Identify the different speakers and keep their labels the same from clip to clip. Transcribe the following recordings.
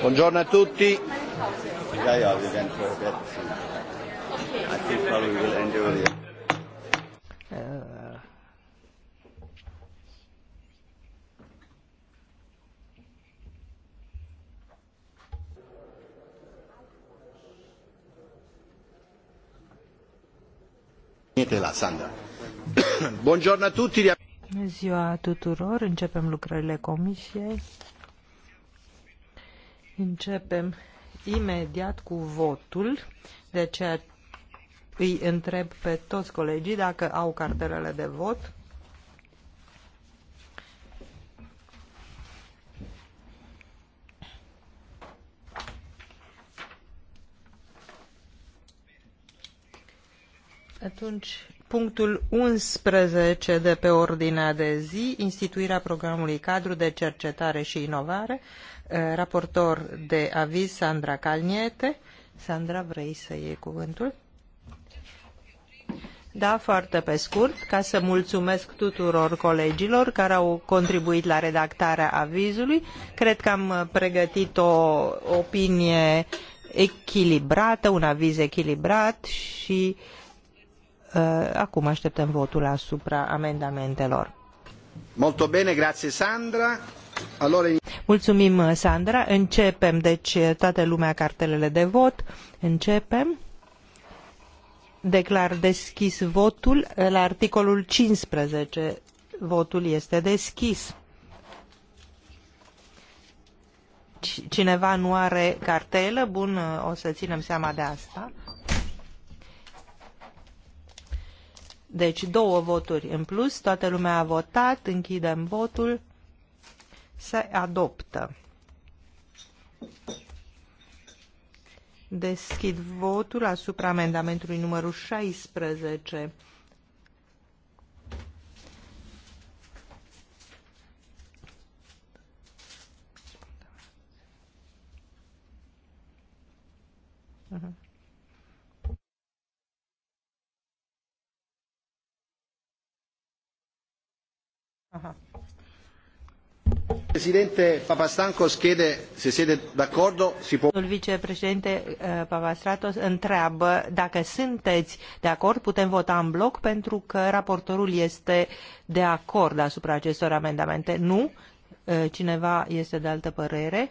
Speaker 1: Buongiorno a tutti. Buongiorno a tutti.
Speaker 2: Bună ziua tuturor, începem lucrările comisiei. Începem imediat cu votul, de aceea îi întreb pe toți colegii dacă au cartelele de vot. Atunci punctul 11 de pe ordinea de zi, instituirea programului cadru de cercetare și inovare, eh, raportor de aviz Sandra Calniete. Sandra, vrei să iei cuvântul? Da, foarte pe scurt, ca să mulțumesc tuturor colegilor care au contribuit la redactarea avizului. Cred că am pregătit o opinie echilibrată, un aviz echilibrat și uh, Eh, acum așteptăm votul asupra amendamentelor.
Speaker 1: Molto bene, grazie Sandra. Allora...
Speaker 2: Mulțumim, Sandra. Începem, deci, toată lumea cartelele de vot. Începem. Declar deschis votul. La articolul 15 votul este deschis. Cineva nu are cartelă? Bun, o să ținem seama de asta. Deci două voturi în plus, toată lumea a votat, închidem votul, se adoptă. Deschid votul asupra amendamentului numărul 16. Uh-huh. Mhm. Aha.
Speaker 1: Presidente chiede se siete d'accordo si
Speaker 2: Vicepreședinte eh, Papastratos întreabă dacă sunteți de acord, putem vota în bloc pentru că raportorul este de acord asupra acestor amendamente. Nu? Eh, cineva este de altă părere?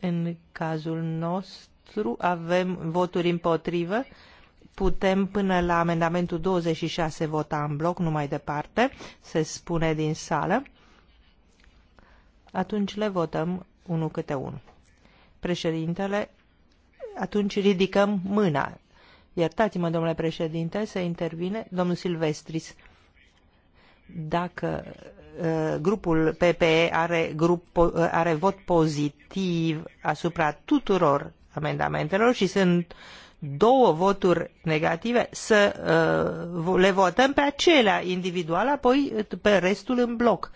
Speaker 2: În cazul nostru avem voturi împotrivă putem până la amendamentul 26 vota în bloc, nu mai departe, se spune din sală, atunci le votăm unul câte unul. Președintele, atunci ridicăm mâna. Iertați-mă, domnule președinte, să intervine domnul Silvestris. Dacă uh, grupul PPE are, grup, uh, are vot pozitiv asupra tuturor amendamentelor și sunt uh, două voturi negative, să uh, le votăm pe acelea individual, apoi uh, pe restul în bloc.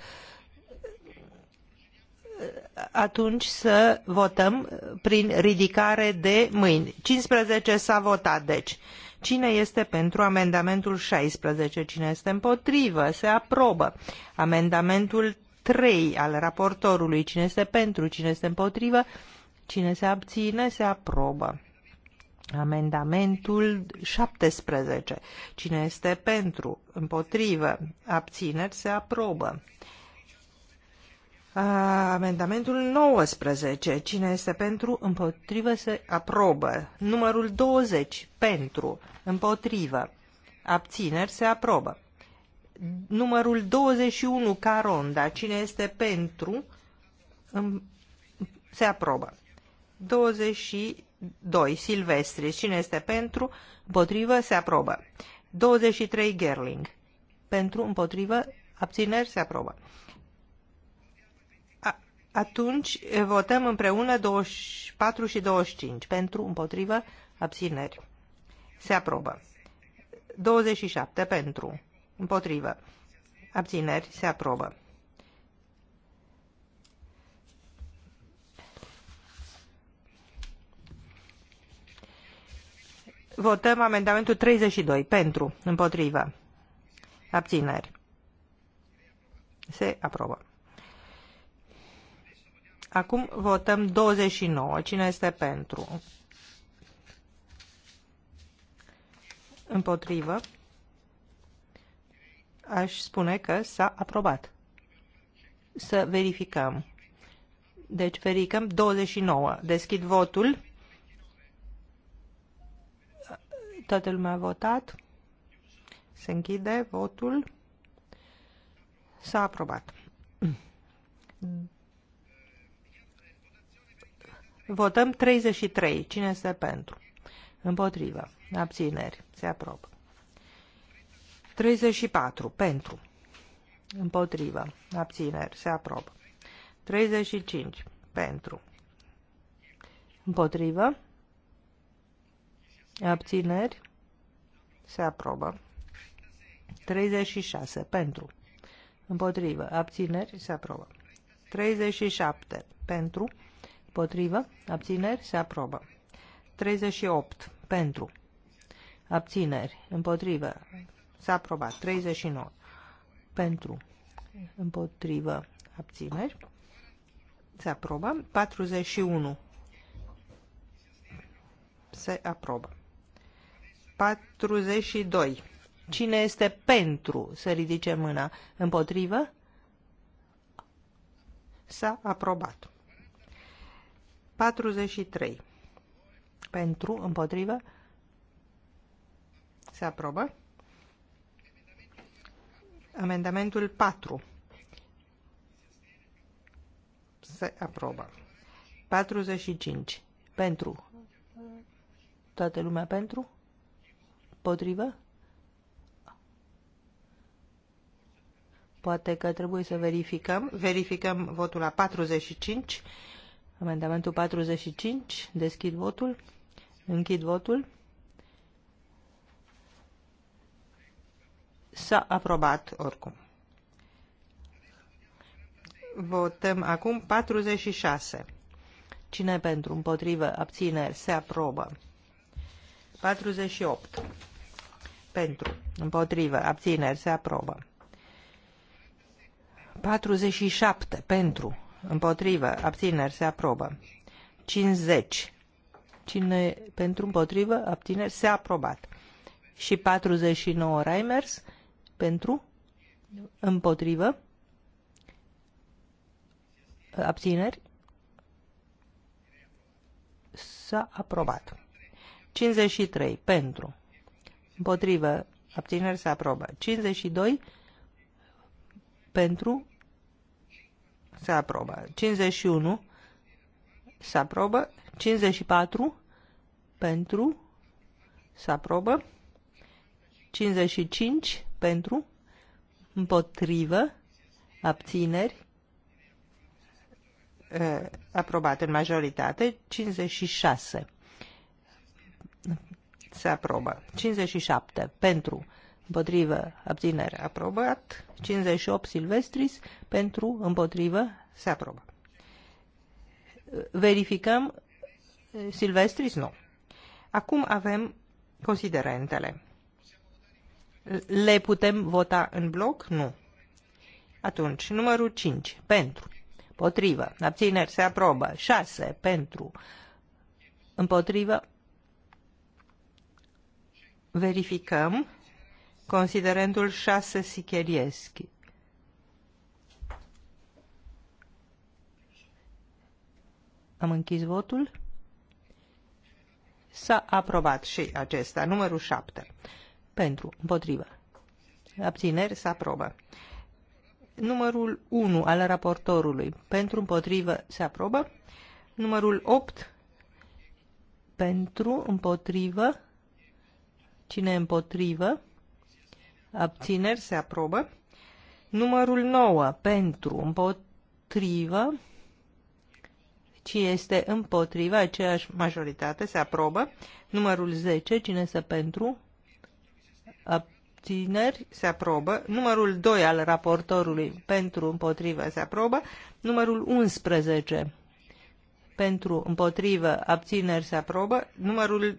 Speaker 2: Uh, atunci să votăm uh, prin ridicare de mâini. 15 s-a votat, deci. Cine este pentru amendamentul 16? Cine este împotrivă? Se aprobă. Amendamentul 3 al raportorului. Cine este pentru? Cine este împotrivă? Cine se abține? Se aprobă. Amendamentul 17. Cine este pentru? Împotrivă? Abțineri? Se aprobă. Amendamentul 19. Cine este pentru? Împotrivă? Se aprobă. Numărul 20. Pentru? Împotrivă? Abțineri? Se aprobă. Numărul 21. Caronda. Cine este pentru? Se aprobă. 20 2. Silvestri. Cine este pentru? Împotrivă? Se aprobă. 23. Gerling. Pentru? Împotrivă? Abțineri? Se aprobă. A, atunci eh, votăm împreună 24 și 25. Pentru? Împotrivă? Abțineri. Se aprobă. 27. Pentru? Împotrivă. Abțineri. Se aprobă. Votăm amendamentul 32. Pentru. Împotrivă. Abțineri. Se aprobă. Acum votăm 29. Cine este pentru? Împotrivă. Aș spune că s-a aprobat. Să verificăm. Deci verificăm 29. Deschid votul. Toată lumea a votat. Se închide votul. S-a aprobat. Votăm 33. Cine este pentru? Împotrivă. Abțineri. Se aprobă. 34. Pentru. Împotrivă. Abțineri. Se aprobă. 35. Pentru. Împotrivă. Abțineri? Se aprobă. 36. Pentru. Împotrivă. Abțineri? Se aprobă. 37. Pentru. Împotrivă. Abțineri? Se aprobă. 38. Pentru. Abțineri. Împotrivă. S-a aprobat. 39. Pentru. Împotrivă. Abțineri. Se aprobă. 41. Se aprobă. 42. Cine este pentru să ridice mâna? Împotrivă? S-a aprobat. 43. Pentru, împotrivă? Se aprobă. Amendamentul 4. Se aprobă. 45. Pentru. Toată lumea pentru? Împotrivă? Poate că trebuie să verificăm. Verificăm votul la 45. Amendamentul 45. Deschid votul. Închid votul. S-a aprobat oricum. Votăm acum 46. Cine pentru, împotrivă, abțineri, se aprobă. 48 pentru, împotrivă, abțineri, se aprobă. 47 pentru, împotrivă, abțineri, se aprobă. 50 cine pentru împotrivă, abțineri, se aprobat. Și 49 Reimers pentru împotrivă, abțineri, s-a aprobat. 53 pentru Împotrivă. Abțineri se aprobă. 52 pentru se aprobă. 51 se aprobă. 54 pentru se aprobă. 55 pentru împotrivă abțineri eh, aprobat în majoritate. 56 se aprobă. 57 pentru, împotrivă, abținere, aprobat. 58 Silvestris, pentru, împotrivă, se aprobă. Verificăm Silvestris? Nu. Acum avem considerentele. Le putem vota în bloc? Nu. Atunci, numărul 5, pentru, împotrivă, abțineri, se aprobă, 6, pentru, împotrivă, Verificăm considerentul 6 Sicherieschi. Am închis votul. S-a aprobat și acesta, numărul 7. Pentru, împotrivă. Abțineri, se aprobă. Numărul 1 al raportorului, pentru, împotrivă, se aprobă. Numărul 8, pentru, împotrivă, Cine împotrivă? Abțineri se aprobă. Numărul 9 pentru împotrivă. Cine este împotriva, aceeași majoritate se aprobă. Numărul 10, cine este pentru? Abțineri se aprobă. Numărul 2 al raportorului pentru împotrivă se aprobă. Numărul 11 pentru împotrivă abțineri se aprobă. Numărul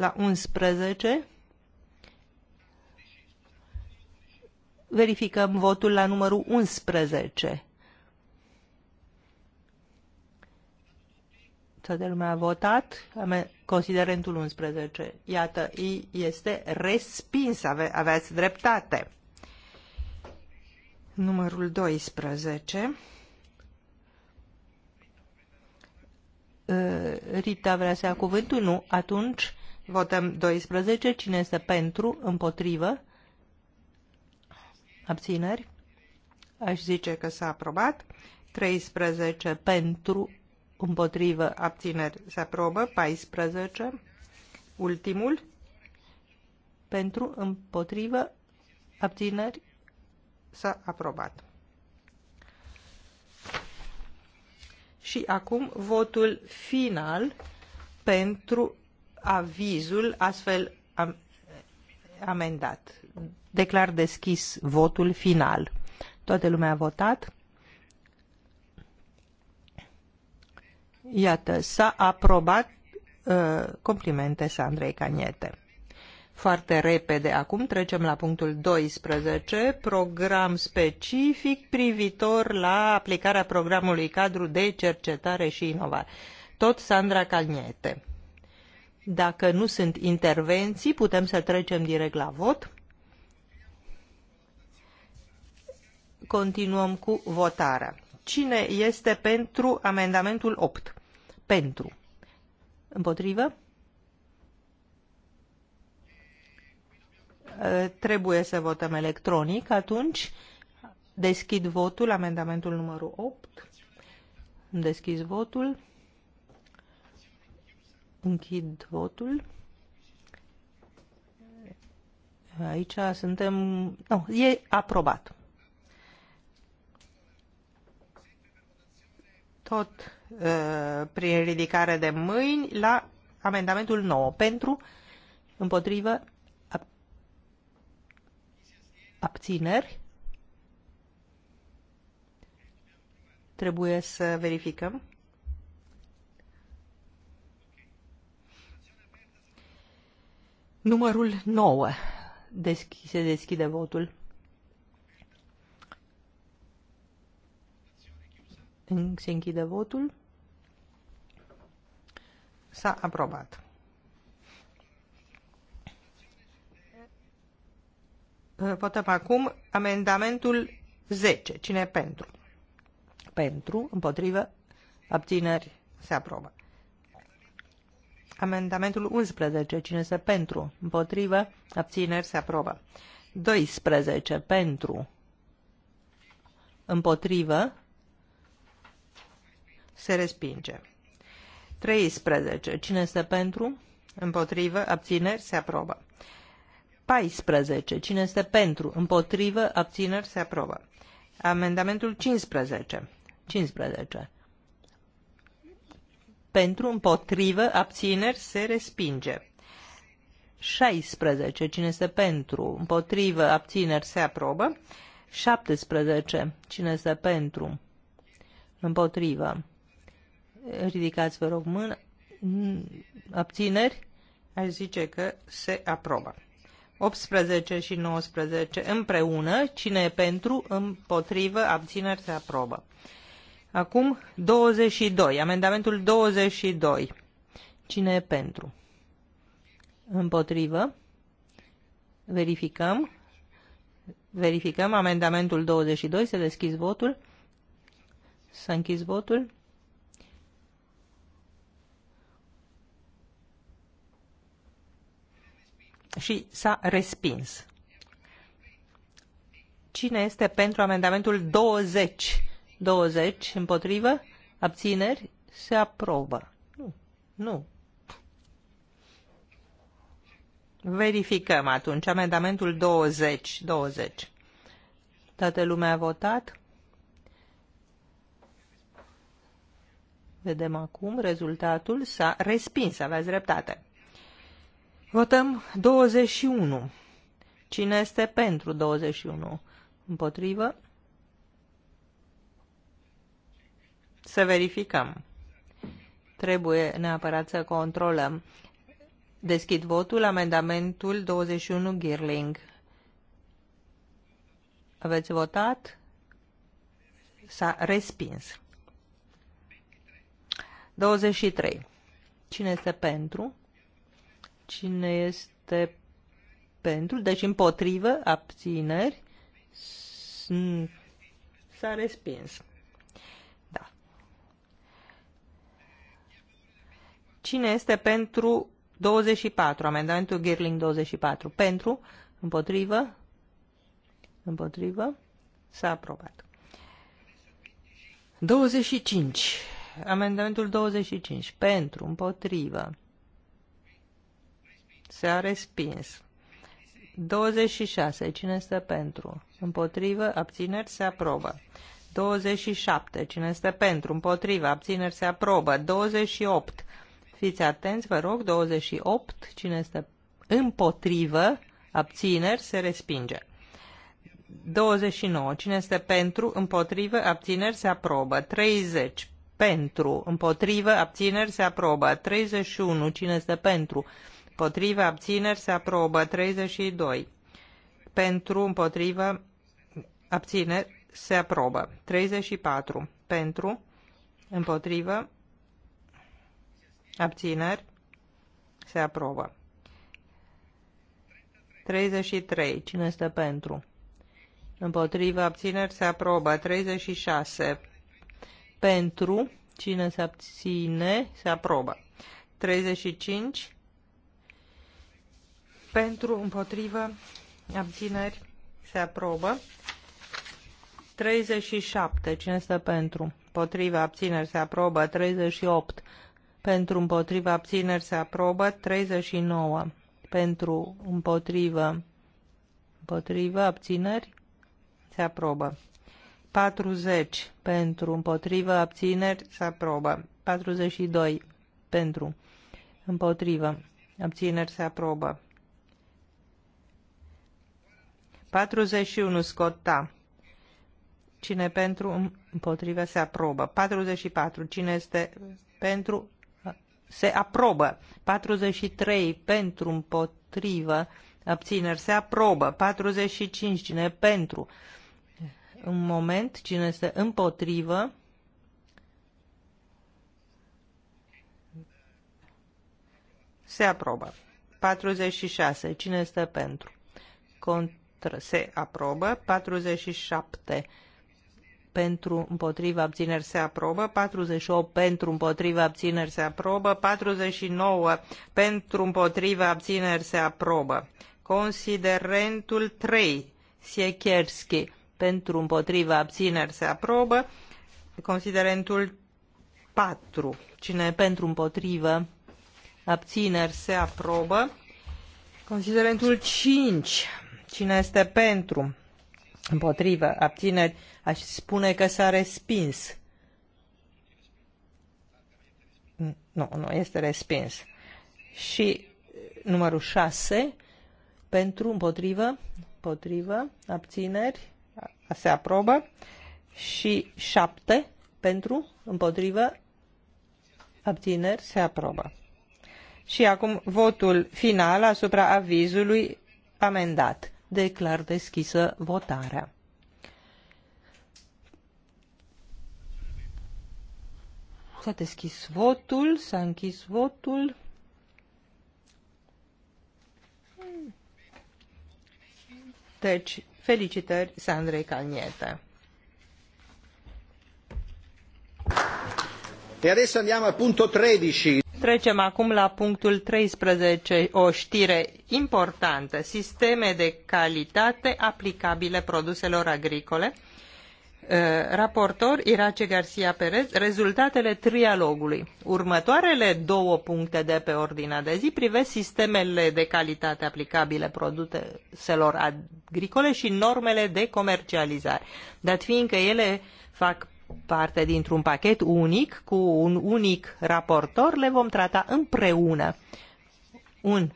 Speaker 2: la 11. Verificăm votul la numărul 11. Toată lumea a votat. Considerentul 11. Iată, I este respins. Ave, aveați dreptate. Numărul 12. Ă, Rita vrea să ia cuvântul? Nu. Atunci Votăm 12. Cine este pentru? Împotrivă? Abțineri? Aș zice că s-a aprobat. 13 pentru, împotrivă, abțineri se aprobă. 14, ultimul, pentru, împotrivă, abțineri s-a aprobat. Și acum votul final pentru avizul astfel am, amendat. Declar deschis votul final. Toată lumea a votat. Iată, s-a aprobat uh, complimente Sandrei Caniete. Foarte repede acum trecem la punctul 12, program specific privitor la aplicarea programului cadru de cercetare și inovare. Tot Sandra Calniete. Dacă nu sunt intervenții, putem să trecem direct la vot. Continuăm cu votarea. Cine este pentru amendamentul 8? Pentru. Împotrivă? Ă, trebuie să votăm electronic. Atunci deschid votul, amendamentul numărul 8. Deschis votul. Închid votul. Aici suntem... Nu, e aprobat. Tot uh, prin ridicare de mâini la amendamentul 9. Pentru, împotrivă, ab abțineri. Trebuie să verificăm. Numărul 9. Deschi, se deschide votul. Se închide votul. S-a aprobat. Votăm acum amendamentul 10. Cine pentru? Pentru, împotrivă, abțineri, se aprobă. Amendamentul 11. Cine este pentru? Împotrivă? Abțineri? Se aprobă. 12. Pentru? Împotrivă? Se respinge. 13. Cine este pentru? Împotrivă? Abțineri? Se aprobă. 14. Cine este pentru? Împotrivă? Abțineri? Se aprobă. Amendamentul 15. 15 pentru, împotrivă, abțineri, se respinge. 16. Cine este pentru, împotrivă, abțineri, se aprobă. 17. Cine este pentru, împotrivă, ridicați vă rog mână, abțineri, aș zice că se aprobă. 18 și 19 împreună, cine e pentru, împotrivă, abțineri, se aprobă. Acum 22. Amendamentul 22. Cine e pentru? Împotrivă. Verificăm. Verificăm amendamentul 22. Se deschis votul. S-a închis votul. Și s-a respins. Cine este pentru amendamentul 20? 20 împotrivă, abțineri, se aprobă. Nu, nu. Verificăm atunci amendamentul 20. 20. Toată lumea a votat. Vedem acum rezultatul. S-a respins, aveți dreptate. Votăm 21. Cine este pentru 21? Împotrivă? să verificăm. Trebuie neapărat să controlăm. Deschid votul, amendamentul 21 Girling. Aveți votat? S-a respins. 23. Cine este pentru? Cine este pentru? Deci împotrivă, abțineri. S-a respins. Cine este pentru 24? Amendamentul Girling 24. Pentru? Împotrivă? Împotrivă? S-a aprobat. 25. Amendamentul 25. Pentru? Împotrivă? S-a respins. 26. Cine este pentru? Împotrivă? Abțineri? Se aprobă. 27. Cine este pentru? Împotrivă? Abțineri? Se aprobă. 28. Fiți atenți, vă rog, 28, cine este împotrivă, abțineri, se respinge. 29, cine este pentru, împotrivă, abțineri, se aprobă. 30, pentru, împotrivă, abțineri, se aprobă. 31, cine este pentru, împotrivă, abțineri, se aprobă. 32, pentru, împotrivă, abțineri, se aprobă. 34, pentru, împotrivă, Abțineri. Se aprobă. 33. Cine este pentru? Împotrivă. Abțineri. Se aprobă. 36. Pentru. Cine se abține? Se aprobă. 35. Pentru. Împotrivă. Abțineri. Se aprobă. 37. Cine este pentru? Potrivă abțineri se aprobă 38 pentru împotriva abțineri se aprobă, 39 pentru împotrivă împotrivă abțineri se aprobă. 40 pentru împotrivă abțineri se aprobă. 42 pentru împotrivă abțineri se aprobă. 41 scotta. Cine pentru împotrivă se aprobă. 44 cine este pentru se aprobă. 43 pentru împotrivă, abțineri se aprobă. 45 cine pentru. În moment cine este împotrivă. Se aprobă. 46. Cine este pentru? Contra. Se aprobă. 47 pentru împotriva abțineri se aprobă, 48 pentru împotriva abțineri se aprobă, 49 pentru împotriva abțineri se aprobă. Considerentul 3, Siekierski, pentru împotriva abțineri se aprobă, considerentul 4, cine pentru împotriva abțineri se aprobă, considerentul 5, cine este pentru împotrivă, abțineri, aș spune că s-a respins. Nu, nu, este respins. Și numărul 6, pentru, împotrivă, împotrivă, abțineri, se aprobă. Și 7, pentru, împotrivă, abțineri, se aprobă. Și acum votul final asupra avizului amendat declar deschisă votarea. S-a deschis votul, s-a închis votul. Deci, felicitări Sandrei Calniete. E
Speaker 1: adesso andiamo al punto 13.
Speaker 2: Trecem acum la punctul 13, o știre importantă, sisteme de calitate aplicabile produselor agricole. Uh, raportor Irace Garcia Perez, rezultatele trialogului. Următoarele două puncte de pe ordinea de zi privesc sistemele de calitate aplicabile produselor agricole și normele de comercializare, dat fiindcă ele fac parte dintr-un pachet unic cu un unic raportor, le vom trata împreună. Un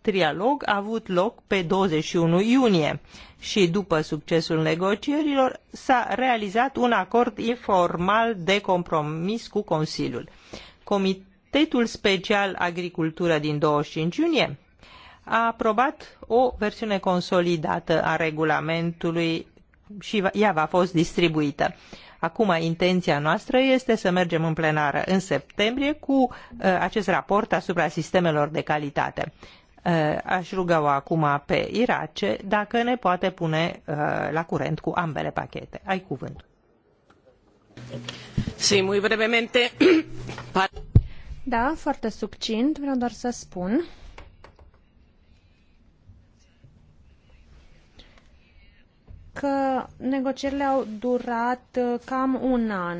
Speaker 2: trialog a avut loc pe 21 iunie și după succesul negocierilor s-a realizat un acord informal de compromis cu Consiliul. Comitetul Special Agricultură din 25 iunie a aprobat o versiune consolidată a regulamentului și ea va fost distribuită. Acum, intenția noastră este să mergem în plenară în septembrie cu uh, acest raport asupra sistemelor de calitate. Uh, aș ruga-o acum pe Irace dacă ne poate pune uh, la curent cu ambele pachete. Ai cuvânt. Sí, muy brevemente. Da, foarte succint. Vreau doar să spun
Speaker 3: că negocierile au durat uh, cam un an.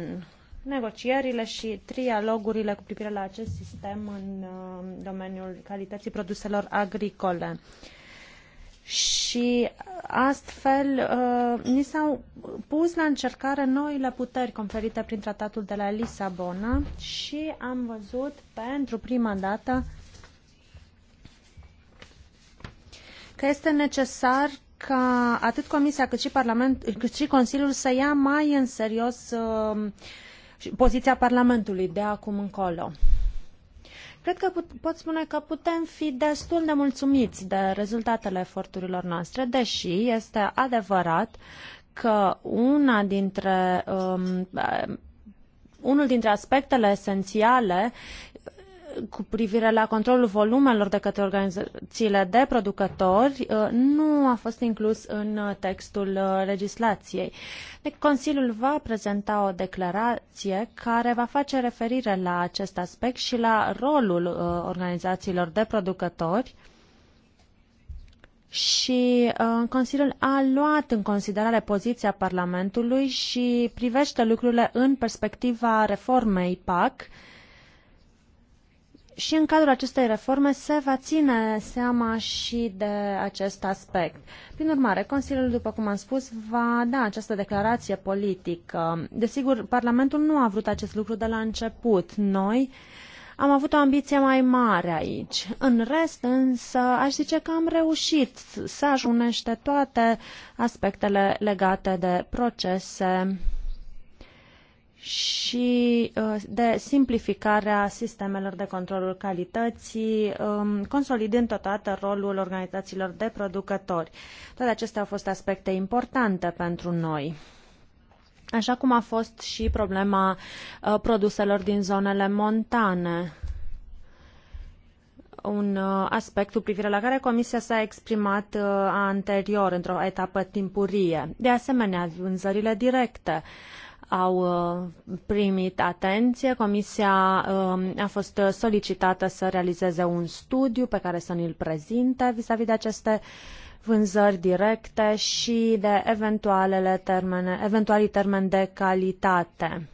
Speaker 3: Negocierile și trialogurile cu privire la acest sistem în uh, domeniul calității produselor agricole. Și astfel uh, ni s-au pus la încercare noile puteri conferite prin tratatul de la Lisabona și am văzut pentru prima dată că este necesar ca atât Comisia cât și, Parlament, cât și Consiliul să ia mai în serios uh, poziția Parlamentului de acum încolo. Cred că put, pot spune că putem fi destul de mulțumiți de rezultatele eforturilor noastre, deși este adevărat că una dintre um, unul dintre aspectele esențiale cu privire la controlul volumelor de către organizațiile de producători uh, nu a fost inclus în uh, textul uh, legislației. Deci, Consiliul va prezenta o declarație care va face referire la acest aspect și la rolul organizațiilor de producători și uh, Consiliul a luat în considerare poziția Parlamentului și privește lucrurile în perspectiva reformei PAC uh, și în cadrul acestei reforme se va ține seama și de acest aspect. Prin urmare, Consiliul, după cum am spus, va da această declarație politică. Desigur, Parlamentul nu a vrut acest lucru de la început. Noi am avut o ambiție mai mare aici. În rest, însă, aș zice că am reușit să ajunește toate aspectele legate de procese și uh, de simplificarea sistemelor de controlul calității, um, consolidând totodată rolul organizațiilor de producători. Toate acestea au fost aspecte importante pentru noi. Așa cum a fost și problema uh, produselor din zonele montane un uh, aspect cu privire la care Comisia s-a exprimat anterior, într-o etapă timpurie. De asemenea, vânzările directe au uh, primit atenție. Comisia um, a fost solicitată să realizeze un studiu pe care să ne-l prezinte vis-a-vis -vis de aceste vânzări directe și de eventualele termene, eventualii termeni de calitate.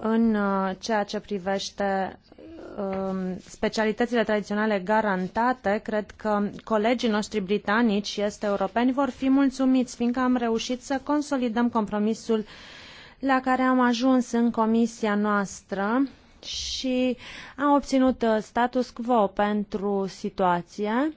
Speaker 3: În uh, ceea ce privește Um, specialitățile tradiționale garantate, cred că colegii noștri britanici și este europeni vor fi mulțumiți, fiindcă am reușit să consolidăm compromisul la care am ajuns în comisia noastră și am obținut uh, status quo pentru situație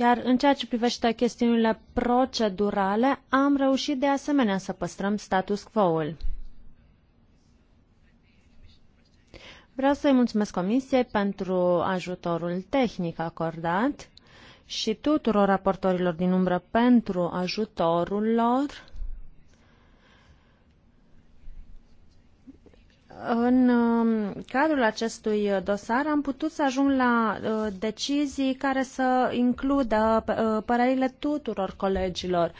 Speaker 3: Iar în ceea ce privește chestiunile procedurale, am reușit de asemenea să păstrăm status quo-ul. Vreau să-i mulțumesc Comisiei pentru ajutorul tehnic acordat și tuturor raportorilor din umbră pentru ajutorul lor în um, cadrul acestui dosar am putut să ajung la uh, decizii care să includă uh, părerile tuturor colegilor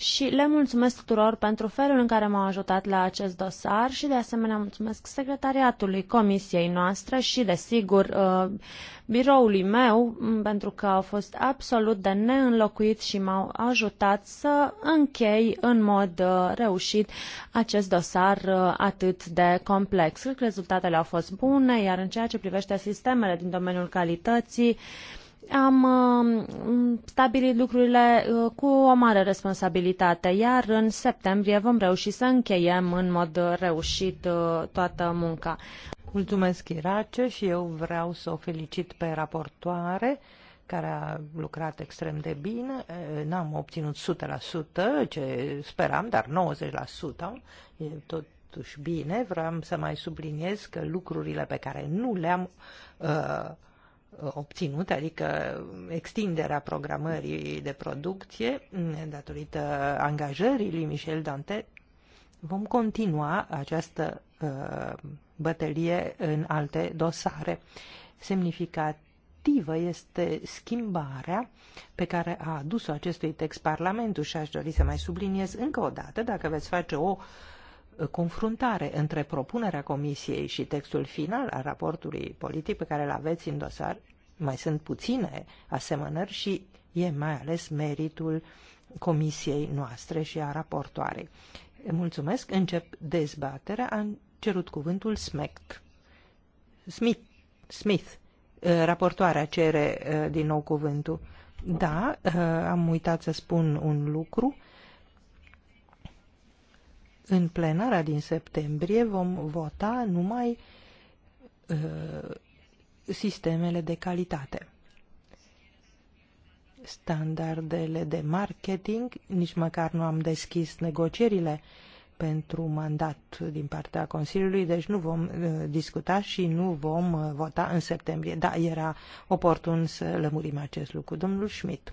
Speaker 3: și le mulțumesc tuturor pentru felul în care m-au ajutat la acest dosar și de asemenea mulțumesc secretariatului comisiei noastre și desigur uh, biroului meu pentru că au fost absolut de neînlocuit și m-au ajutat să închei în mod uh, reușit acest dosar uh, atât de complex. Cred că rezultatele au fost bune, iar în ceea ce privește sistemele din domeniul calității, am um, stabilit lucrurile uh, cu o mare responsabilitate, iar în septembrie vom reuși să încheiem în mod reușit uh, toată munca. Mulțumesc, Irace,
Speaker 2: și eu vreau să o felicit pe raportoare care a lucrat extrem de bine. N-am obținut 100% ce speram, dar 90% e totuși bine. Vreau să mai subliniez că lucrurile pe care nu le-am uh, obținut, adică extinderea programării de producție datorită angajării lui Michel Dante, vom continua această uh, bătălie în alte dosare. Semnificativă este schimbarea pe care a adus-o acestui text Parlamentul și aș dori să mai subliniez încă o dată, dacă veți face o uh, confruntare între propunerea Comisiei și textul final al raportului politic pe care îl aveți în dosar. Mai sunt puține asemănări și e mai ales meritul Comisiei noastre și a raportoarei. Mulțumesc. Încep dezbaterea. Am cerut cuvântul SMECT. Smith. Smith. Eh, raportoarea cere eh, din nou cuvântul. Da, eh, am uitat să spun un lucru în plenara din septembrie vom vota numai uh, sistemele de calitate. Standardele de marketing, nici măcar nu am deschis negocierile pentru mandat din partea Consiliului, deci nu vom uh, discuta și nu vom uh, vota în septembrie. Da, era oportun să lămurim acest lucru. Domnul Schmidt.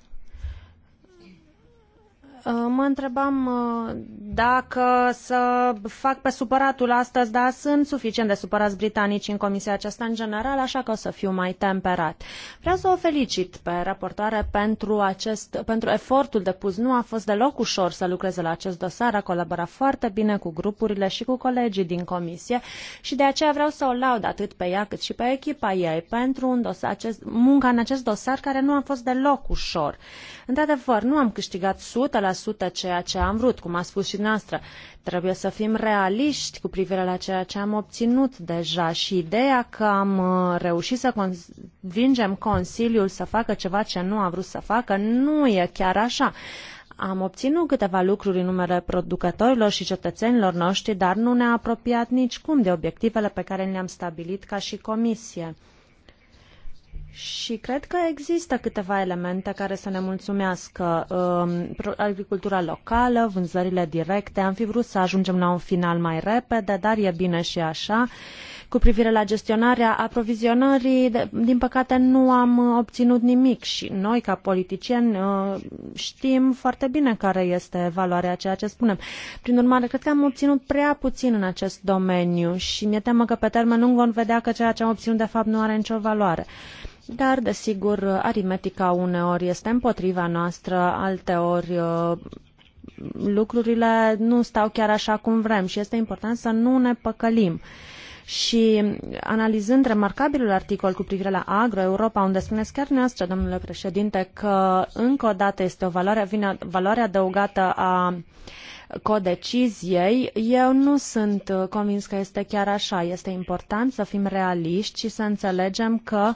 Speaker 3: Uh, mă întrebam uh, dacă să fac pe supăratul astăzi, dar sunt suficient de supărați britanici în comisia aceasta în general, așa că o să fiu mai temperat. Vreau să o felicit pe raportoare pentru, acest, pentru efortul depus. Nu a fost deloc ușor să lucreze la acest dosar, a colaborat foarte bine cu grupurile și cu colegii din comisie și de aceea vreau să o laud atât pe ea cât și pe echipa ei pentru un dosar, acest, munca în acest dosar care nu a fost deloc ușor. Într-adevăr, nu am câștigat 100% ceea ce am vrut, cum a spus și noastră. Trebuie să fim realiști cu privire la ceea ce am obținut deja și ideea că am uh, reușit să convingem Consiliul să facă ceva ce nu a vrut să facă nu e chiar așa am obținut câteva lucruri în numele producătorilor și cetățenilor noștri, dar nu ne-a apropiat nicicum de obiectivele pe care le-am stabilit ca și comisie. Și cred că există câteva elemente care să ne mulțumească. Um, agricultura locală, vânzările directe. Am fi vrut să ajungem la un final mai repede, dar e bine și așa. Cu privire la gestionarea aprovizionării, din păcate nu am obținut nimic și noi, ca politicieni, uh, știm foarte bine care este valoarea ceea ce spunem. Prin urmare, cred că am obținut prea puțin în acest domeniu și mi-e teamă că pe termen lung vom vedea că ceea ce am obținut de fapt nu are nicio valoare dar, desigur, aritmetica uneori este împotriva noastră, alteori uh, lucrurile nu stau chiar așa cum vrem și este important să nu ne păcălim. Și analizând remarcabilul articol cu privire la Agro Europa, unde spuneți chiar noastră, domnule președinte, că încă o dată este o valoare, vine, valoare adăugată a codeciziei, eu nu sunt convins că este chiar așa. Este important să fim realiști și să înțelegem că uh,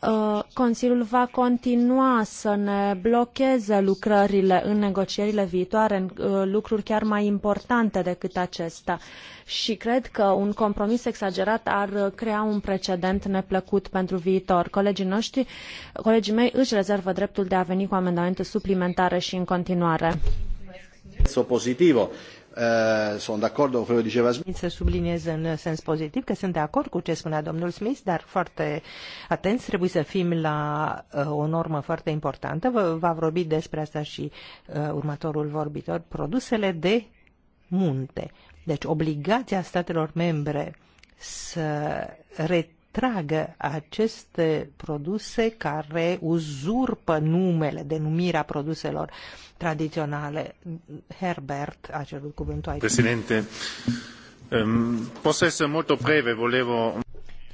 Speaker 3: Uh, Consiliul va continua să ne blocheze lucrările în negocierile viitoare, în uh, lucruri chiar mai importante decât acesta. Și cred că un compromis exagerat ar crea un precedent neplăcut pentru viitor. Colegii noștri, colegii mei își rezervă dreptul de a veni cu amendamente suplimentare și în continuare.
Speaker 1: Pozitivă.
Speaker 4: Eh, sunt de acord diceva Smith.
Speaker 2: Să subliniez în sens pozitiv că sunt de acord cu ce spunea domnul Smith, dar foarte atenți trebuie să fim la eh, o normă foarte importantă. Va vorbi despre asta și eh, următorul vorbitor. Produsele de munte. Deci obligația statelor membre să rețină retragă aceste produse care uzurpă numele, denumirea produselor tradiționale. Herbert a cerut cuvântul
Speaker 4: aici.
Speaker 1: Președinte, um, ehm, pot să sunt mult breve, volevo...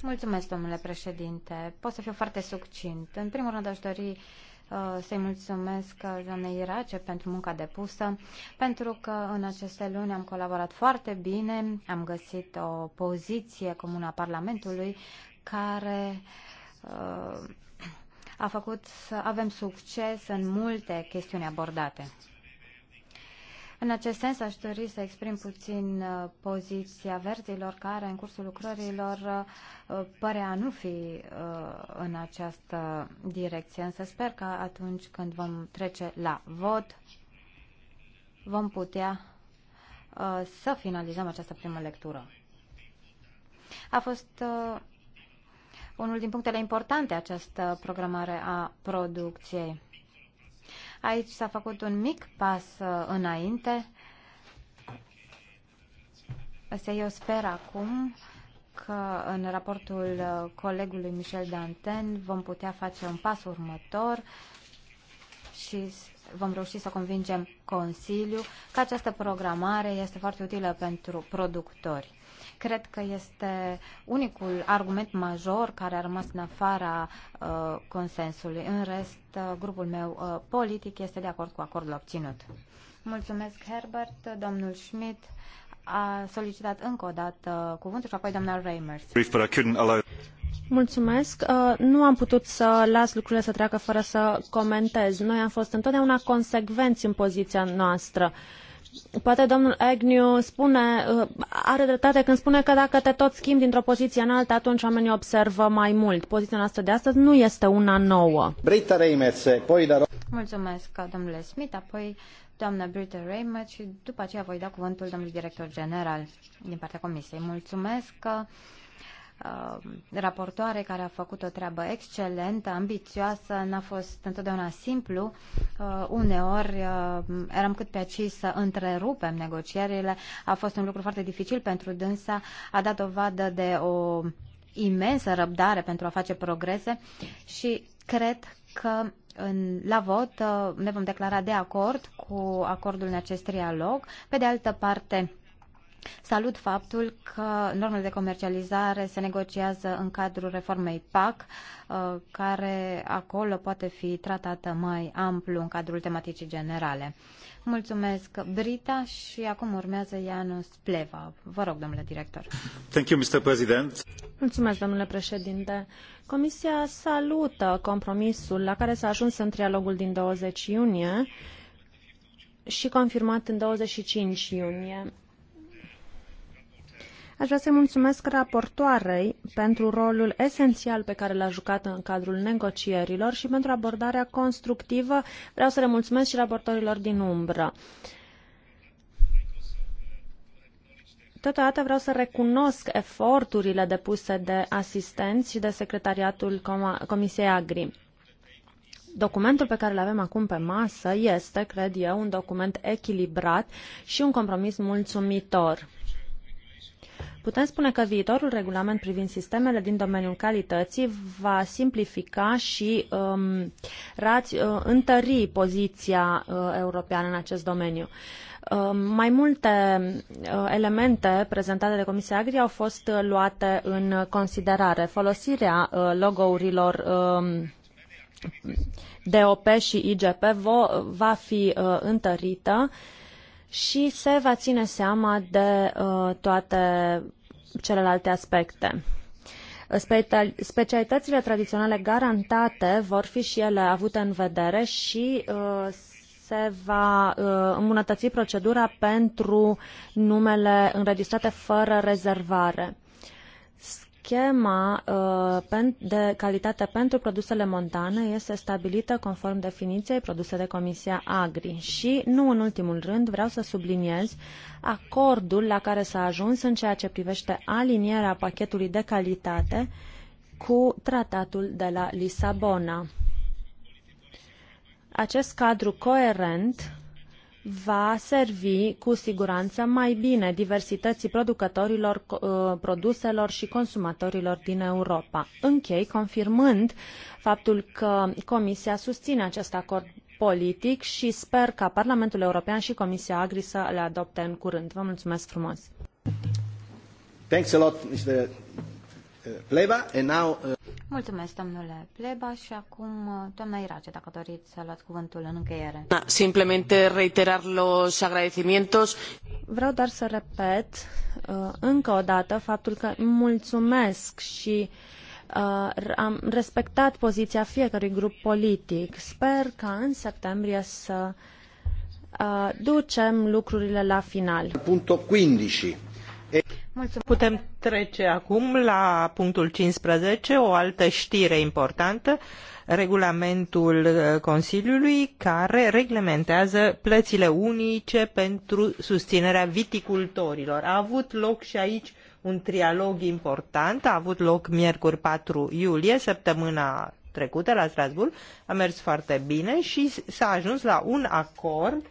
Speaker 4: Mulțumesc, domnule președinte. Pot să fiu foarte succint. În primul rând aș dori uh, să-i mulțumesc uh, doamnei Irace pentru munca depusă, pentru că în aceste luni am colaborat foarte bine, am găsit o poziție comună a Parlamentului care uh, a făcut să avem succes în multe chestiuni abordate. În acest sens, aș dori să exprim puțin uh, poziția verzilor care, în cursul lucrărilor, uh, părea nu fi în această direcție. Însă sper că atunci când vom trece la vot, vom putea să finalizăm această primă lectură. A fost unul din punctele importante această programare a producției. Aici s-a făcut un mic pas uh, înainte. Se eu sper acum că în raportul uh, colegului Michel Danten vom putea face un pas următor și vom reuși să convingem Consiliul că această programare este foarte utilă pentru productori. Cred că este unicul argument major care a rămas în afara uh, consensului. În rest, uh, grupul meu uh, politic este de acord cu acordul obținut. Mulțumesc, Herbert. Domnul Schmidt a solicitat încă o dată uh, cuvântul și apoi doamna Reimers.
Speaker 3: Mulțumesc. Uh, nu am putut să las lucrurile
Speaker 4: să treacă fără să
Speaker 3: comentez. Noi am fost întotdeauna consecvenți în poziția noastră. Uh, Poate domnul Agnew spune, uh, are dreptate când spune că dacă te tot schimbi dintr-o poziție în alta, atunci oamenii observă mai mult. Poziția noastră de astăzi nu este una nouă.
Speaker 4: Brita
Speaker 1: Reimers, poi dar...
Speaker 4: Mulțumesc, domnule Smith, apoi doamna Brita Reimers și după aceea voi da cuvântul domnului director general din partea comisiei. Mulțumesc. Că... Um, raportoare care a făcut o treabă excelentă, ambițioasă, n-a fost întotdeauna simplu. Uh, uneori uh, eram cât pe aici să întrerupem negocierile. A fost un lucru foarte dificil pentru dânsa. A dat dovadă de o imensă răbdare pentru a face progrese și cred că în, la vot uh, ne vom declara de acord cu acordul în acest trialog. Pe de altă parte, Salut faptul că normele de comercializare se negociază în cadrul reformei PAC, uh, care acolo poate fi tratată mai amplu în cadrul tematicii generale. Mulțumesc, Brita, și acum urmează Ianus Pleva. Vă rog, domnule director.
Speaker 1: Thank you, Mr. President.
Speaker 4: Mulțumesc,
Speaker 3: domnule președinte. Comisia salută compromisul la care s-a ajuns în trialogul din 20 iunie și confirmat în 25 iunie. Aș vrea să-i mulțumesc raportoarei pentru rolul esențial pe care l-a jucat în cadrul negocierilor și pentru abordarea constructivă. Vreau să le mulțumesc și raportorilor din umbră. Totodată vreau să recunosc eforturile depuse de asistenți și de secretariatul Com Comisiei Agri. Documentul pe care îl avem acum pe masă este, cred eu, un document echilibrat și un compromis mulțumitor. Putem spune că viitorul regulament privind sistemele din domeniul calității va simplifica și um, rați, uh, întări poziția uh, europeană în acest domeniu. Um, mai multe uh, elemente prezentate de Comisia Agri au fost uh, luate în considerare. Folosirea uh, logourilor um, DOP și IGP va fi întărită și se va ține seama de uh, toate celelalte aspecte. Specialitățile tradiționale garantate vor fi și ele avute în vedere și uh, se va uh, îmbunătăți procedura pentru numele înregistrate fără rezervare. Schema uh, de calitate pentru produsele montane este stabilită conform definiției produse de Comisia Agri și, nu în ultimul rând, vreau să subliniez acordul la care s-a ajuns în ceea ce privește alinierea pachetului de calitate cu tratatul de la Lisabona. Acest cadru coerent va servi cu siguranță mai bine diversității producătorilor, uh, produselor și consumatorilor din Europa. Închei confirmând faptul că Comisia susține acest acord politic și sper ca Parlamentul European și Comisia Agri să le adopte în curând. Vă mulțumesc frumos!
Speaker 5: Thanks a lot, Mr.
Speaker 3: Pleba, and now... Uh...
Speaker 4: Mulțumesc, domnule Pleba, și acum, uh, doamna Irace, dacă doriți să luați cuvântul în încheiere.
Speaker 3: Da, simplemente reiterar los agradecimientos. Vreau doar să repet uh, încă o dată faptul că mulțumesc și uh, am respectat poziția fiecărui grup politic. Sper ca în septembrie să ducem lucrurile la final.
Speaker 2: Punctul 15. Putem trece acum la punctul 15, o altă știre importantă, regulamentul uh, Consiliului care reglementează plățile unice pentru susținerea viticultorilor. A avut loc și aici un trialog important, a avut loc miercuri 4 iulie, săptămâna trecută la Strasbourg, a mers foarte bine și s-a ajuns la un acord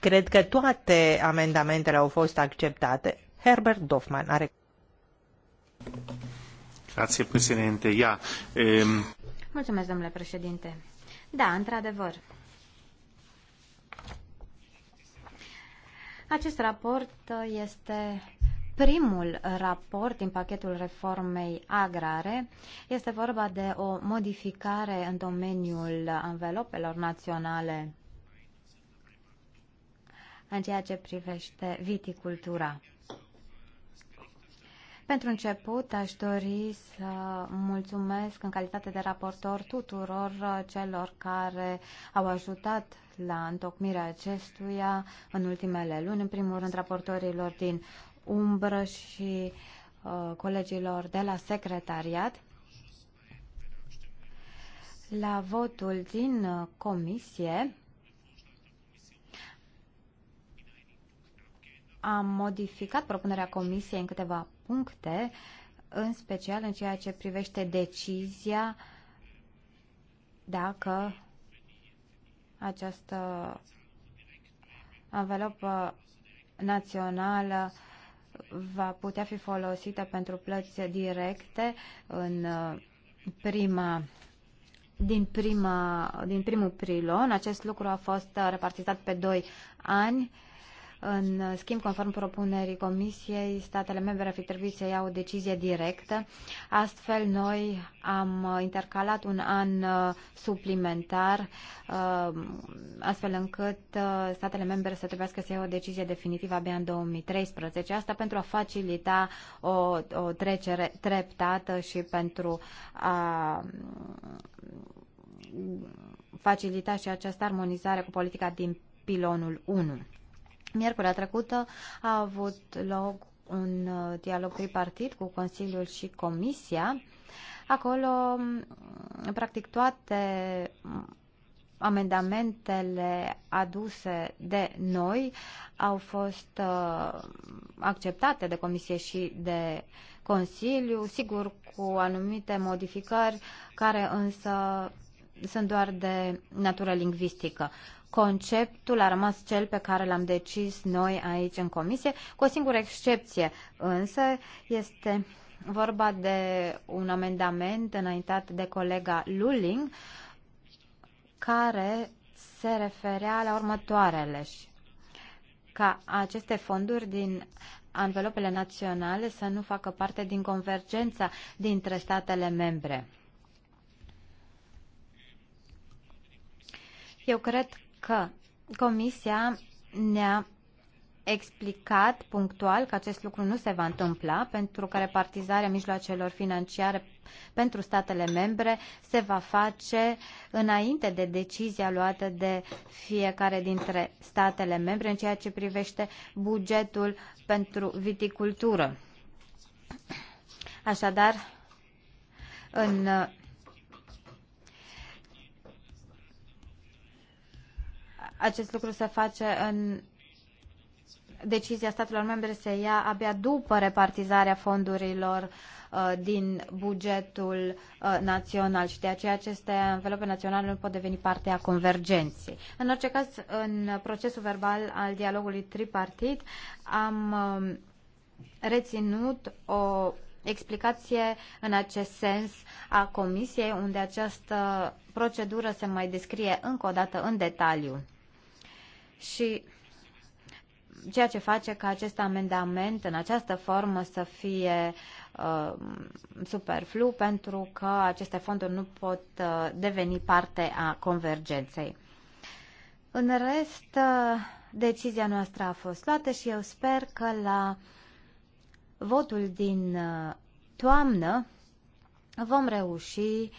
Speaker 2: Cred că toate amendamentele au fost acceptate. Herbert Dofman are.
Speaker 1: Grazie, președinte. Ia, um...
Speaker 4: Mulțumesc, domnule președinte. Da, într-adevăr. Acest raport este primul raport din pachetul reformei agrare. Este vorba de o modificare în domeniul anvelopelor naționale în ceea ce privește viticultura. Pentru început, aș dori să mulțumesc în calitate de raportor tuturor celor care au ajutat la întocmirea acestuia în ultimele luni, în primul rând raportorilor din umbră și uh, colegilor de la secretariat. La votul din comisie, am modificat propunerea Comisiei în câteva puncte, în special în ceea ce privește decizia dacă această anvelopă națională va putea fi folosită pentru plăți directe în uh, prima din, prima, din primul prilon. Acest lucru a fost repartizat pe doi ani în schimb, conform propunerii Comisiei, statele membre ar fi trebuit să ia o decizie directă. Astfel, noi am intercalat un an uh, suplimentar, uh, astfel încât uh, statele membre să trebuiască să ia o decizie definitivă abia în 2013. Asta pentru a facilita o, o trecere treptată și pentru a facilita și această armonizare cu politica din pilonul 1. Miercurea trecută a avut loc un uh, dialog tripartit cu Consiliul și Comisia. Acolo, mm, practic, toate mm, amendamentele aduse de noi au fost uh, acceptate de Comisie și de Consiliu, sigur cu anumite modificări care însă sunt doar de natură lingvistică conceptul a rămas cel pe care l-am decis noi aici în comisie, cu o singură excepție însă este vorba de un amendament înaintat de colega Luling care se referea la următoarele și ca aceste fonduri din anvelopele naționale să nu facă parte din convergența dintre statele membre. Eu cred că Comisia ne-a explicat punctual că acest lucru nu se va întâmpla, pentru că repartizarea mijloacelor financiare pentru statele membre se va face înainte de decizia luată de fiecare dintre statele membre în ceea ce privește bugetul pentru viticultură. Așadar, în acest lucru se face în decizia statelor membre se ia abia după repartizarea fondurilor uh, din bugetul uh, național și de aceea aceste învelope naționale nu pot deveni parte a convergenței. În orice caz, în procesul verbal al dialogului tripartit am um, reținut o explicație în acest sens a Comisiei, unde această procedură se mai descrie încă o dată în detaliu și ceea ce face ca acest amendament în această formă să fie uh, superflu pentru că aceste fonduri nu pot uh, deveni parte a convergenței. În rest, uh, decizia noastră a fost luată și eu sper că la votul din uh, toamnă vom reuși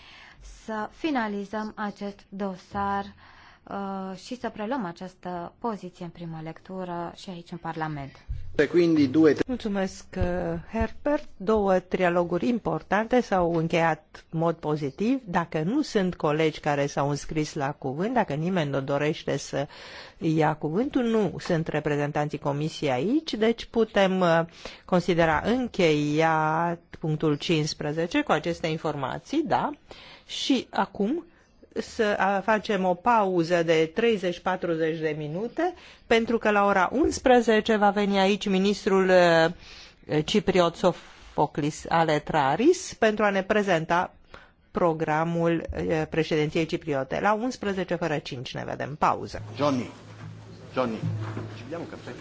Speaker 4: să finalizăm acest dosar uh, Uh, și să preluăm această poziție în primă lectură și aici în Parlament.
Speaker 2: Mulțumesc, uh, Herbert. Două trialoguri importante s-au încheiat în mod pozitiv. Dacă nu sunt colegi care s-au înscris la cuvânt, dacă nimeni nu dorește să ia cuvântul, nu sunt reprezentanții comisiei aici, deci putem uh, considera încheiat punctul 15 cu aceste informații, da? Și acum să facem o pauză de 30-40 de minute, pentru că la ora 11 va veni aici ministrul uh, Cipriot Sofoclis Aletraris pentru a ne prezenta programul uh, președinției cipriote. La 11 fără 5 ne vedem. Pauză. Johnny,
Speaker 1: Johnny, ci un caffè?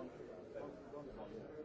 Speaker 5: Don't, don't, don't, don't.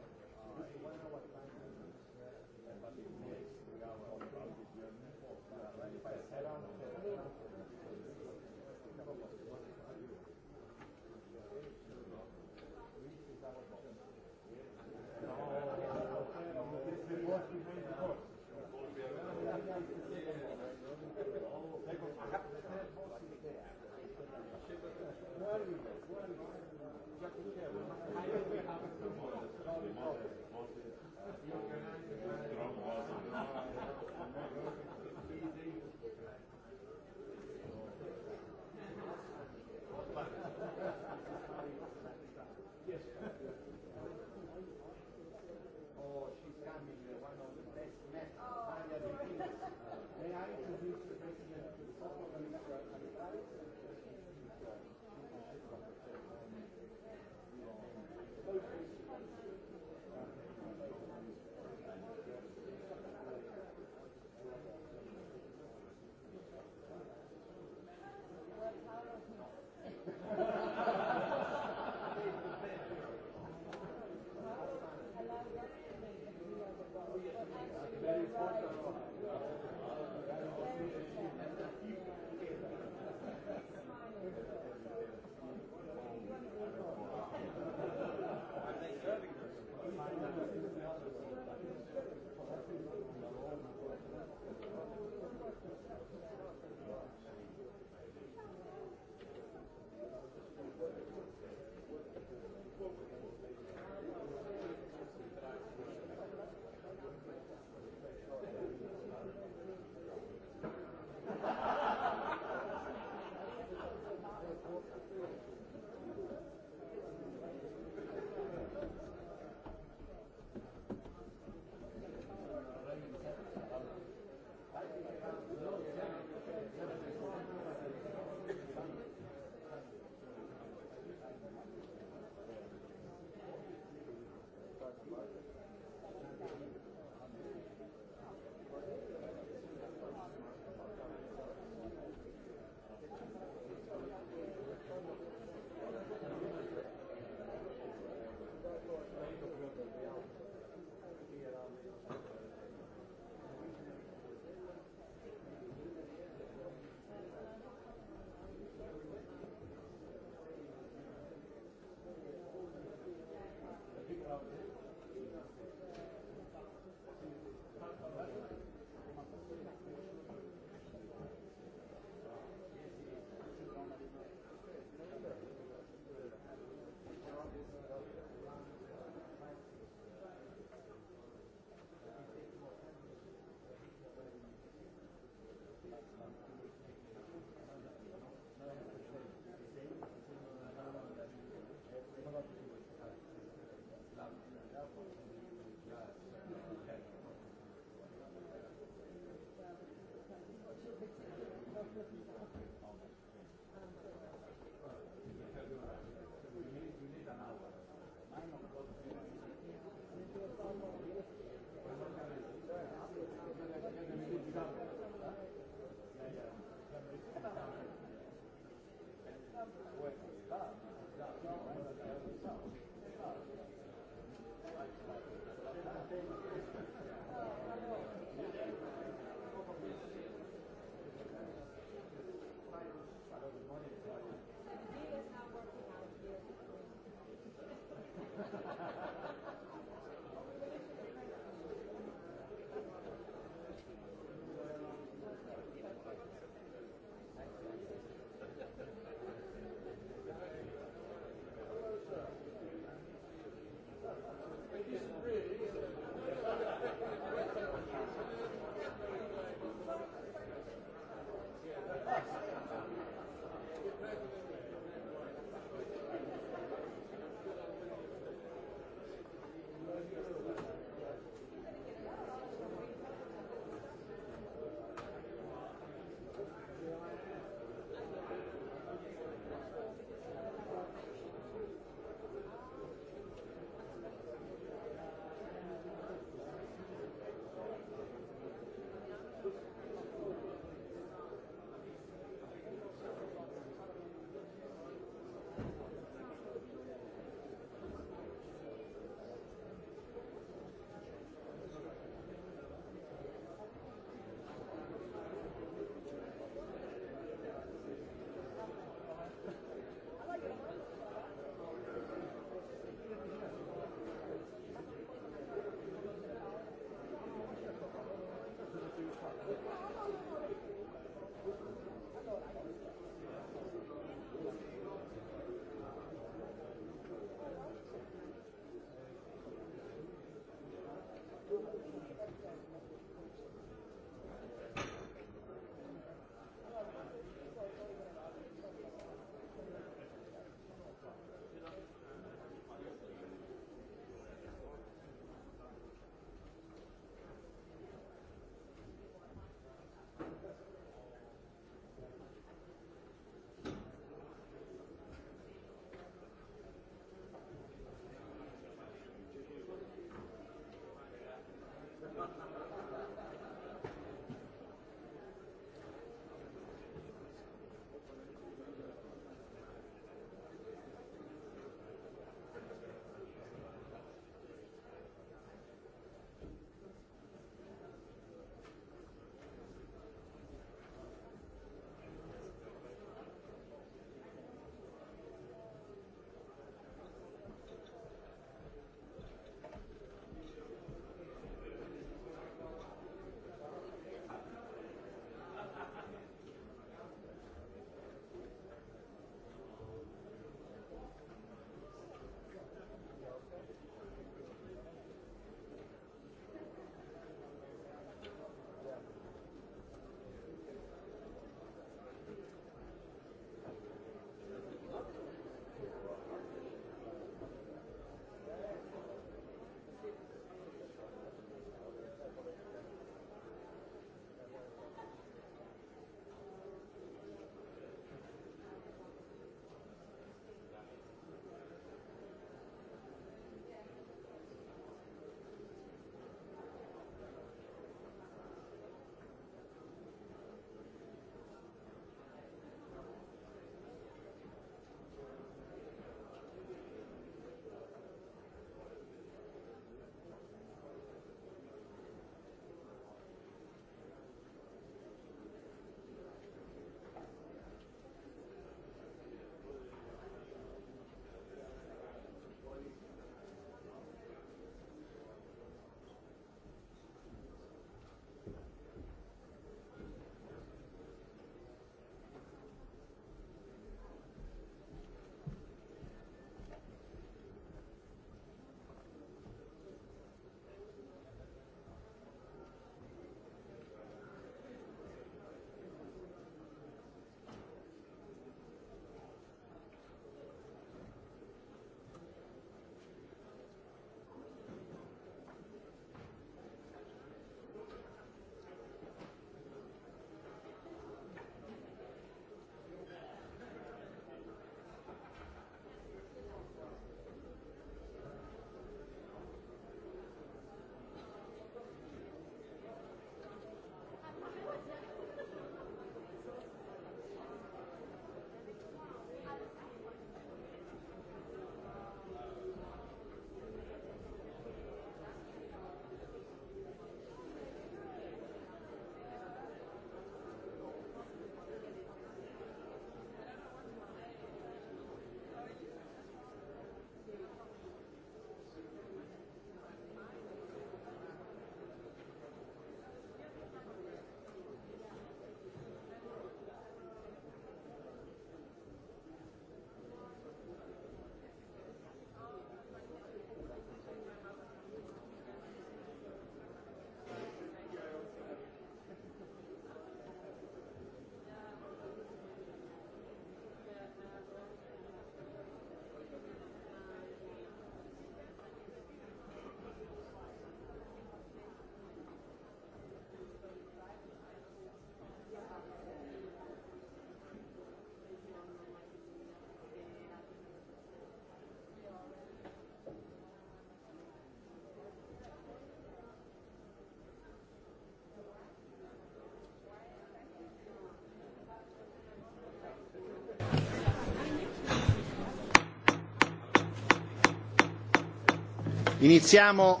Speaker 1: Inițiamo.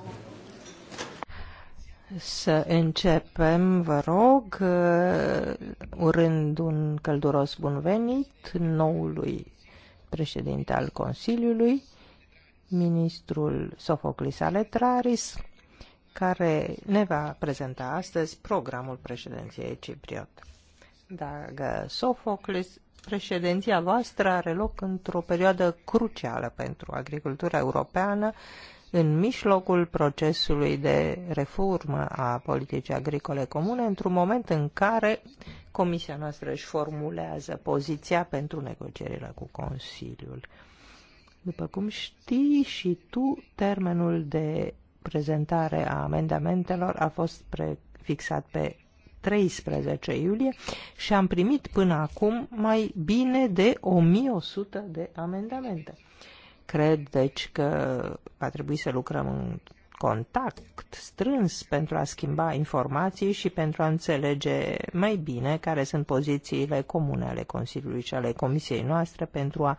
Speaker 2: Să începem, vă rog, uh, urând un călduros bun venit noului președinte al Consiliului, ministrul Sofoclis Aletraris, care ne va prezenta astăzi programul președinției cipriot. Dragă Sofoclis, președinția voastră are loc într-o perioadă crucială pentru agricultura europeană în mijlocul procesului de reformă a politicii agricole comune, într-un moment în care Comisia noastră își formulează poziția pentru negocierile cu Consiliul. După cum știi și tu, termenul de prezentare a amendamentelor a fost fixat pe 13 iulie și am primit până acum mai bine de 1100 de amendamente. Cred, deci, că va trebui să lucrăm în contact strâns pentru a schimba informații și pentru a înțelege mai bine care sunt pozițiile comune ale Consiliului și ale Comisiei noastre pentru a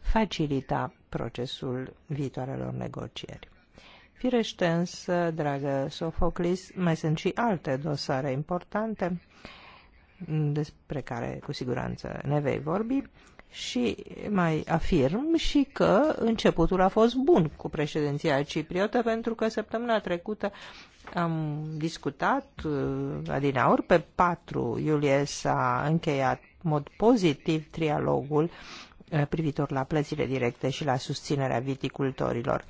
Speaker 2: facilita procesul viitoarelor negocieri. Firește însă, dragă Sofoclis, mai sunt și alte dosare importante despre care cu siguranță ne vei vorbi și mai afirm și că începutul a fost bun cu președinția cipriotă pentru că săptămâna trecută am discutat uh, adinaur pe 4 iulie s-a încheiat mod pozitiv trialogul uh, privitor la plățile directe și la susținerea viticultorilor.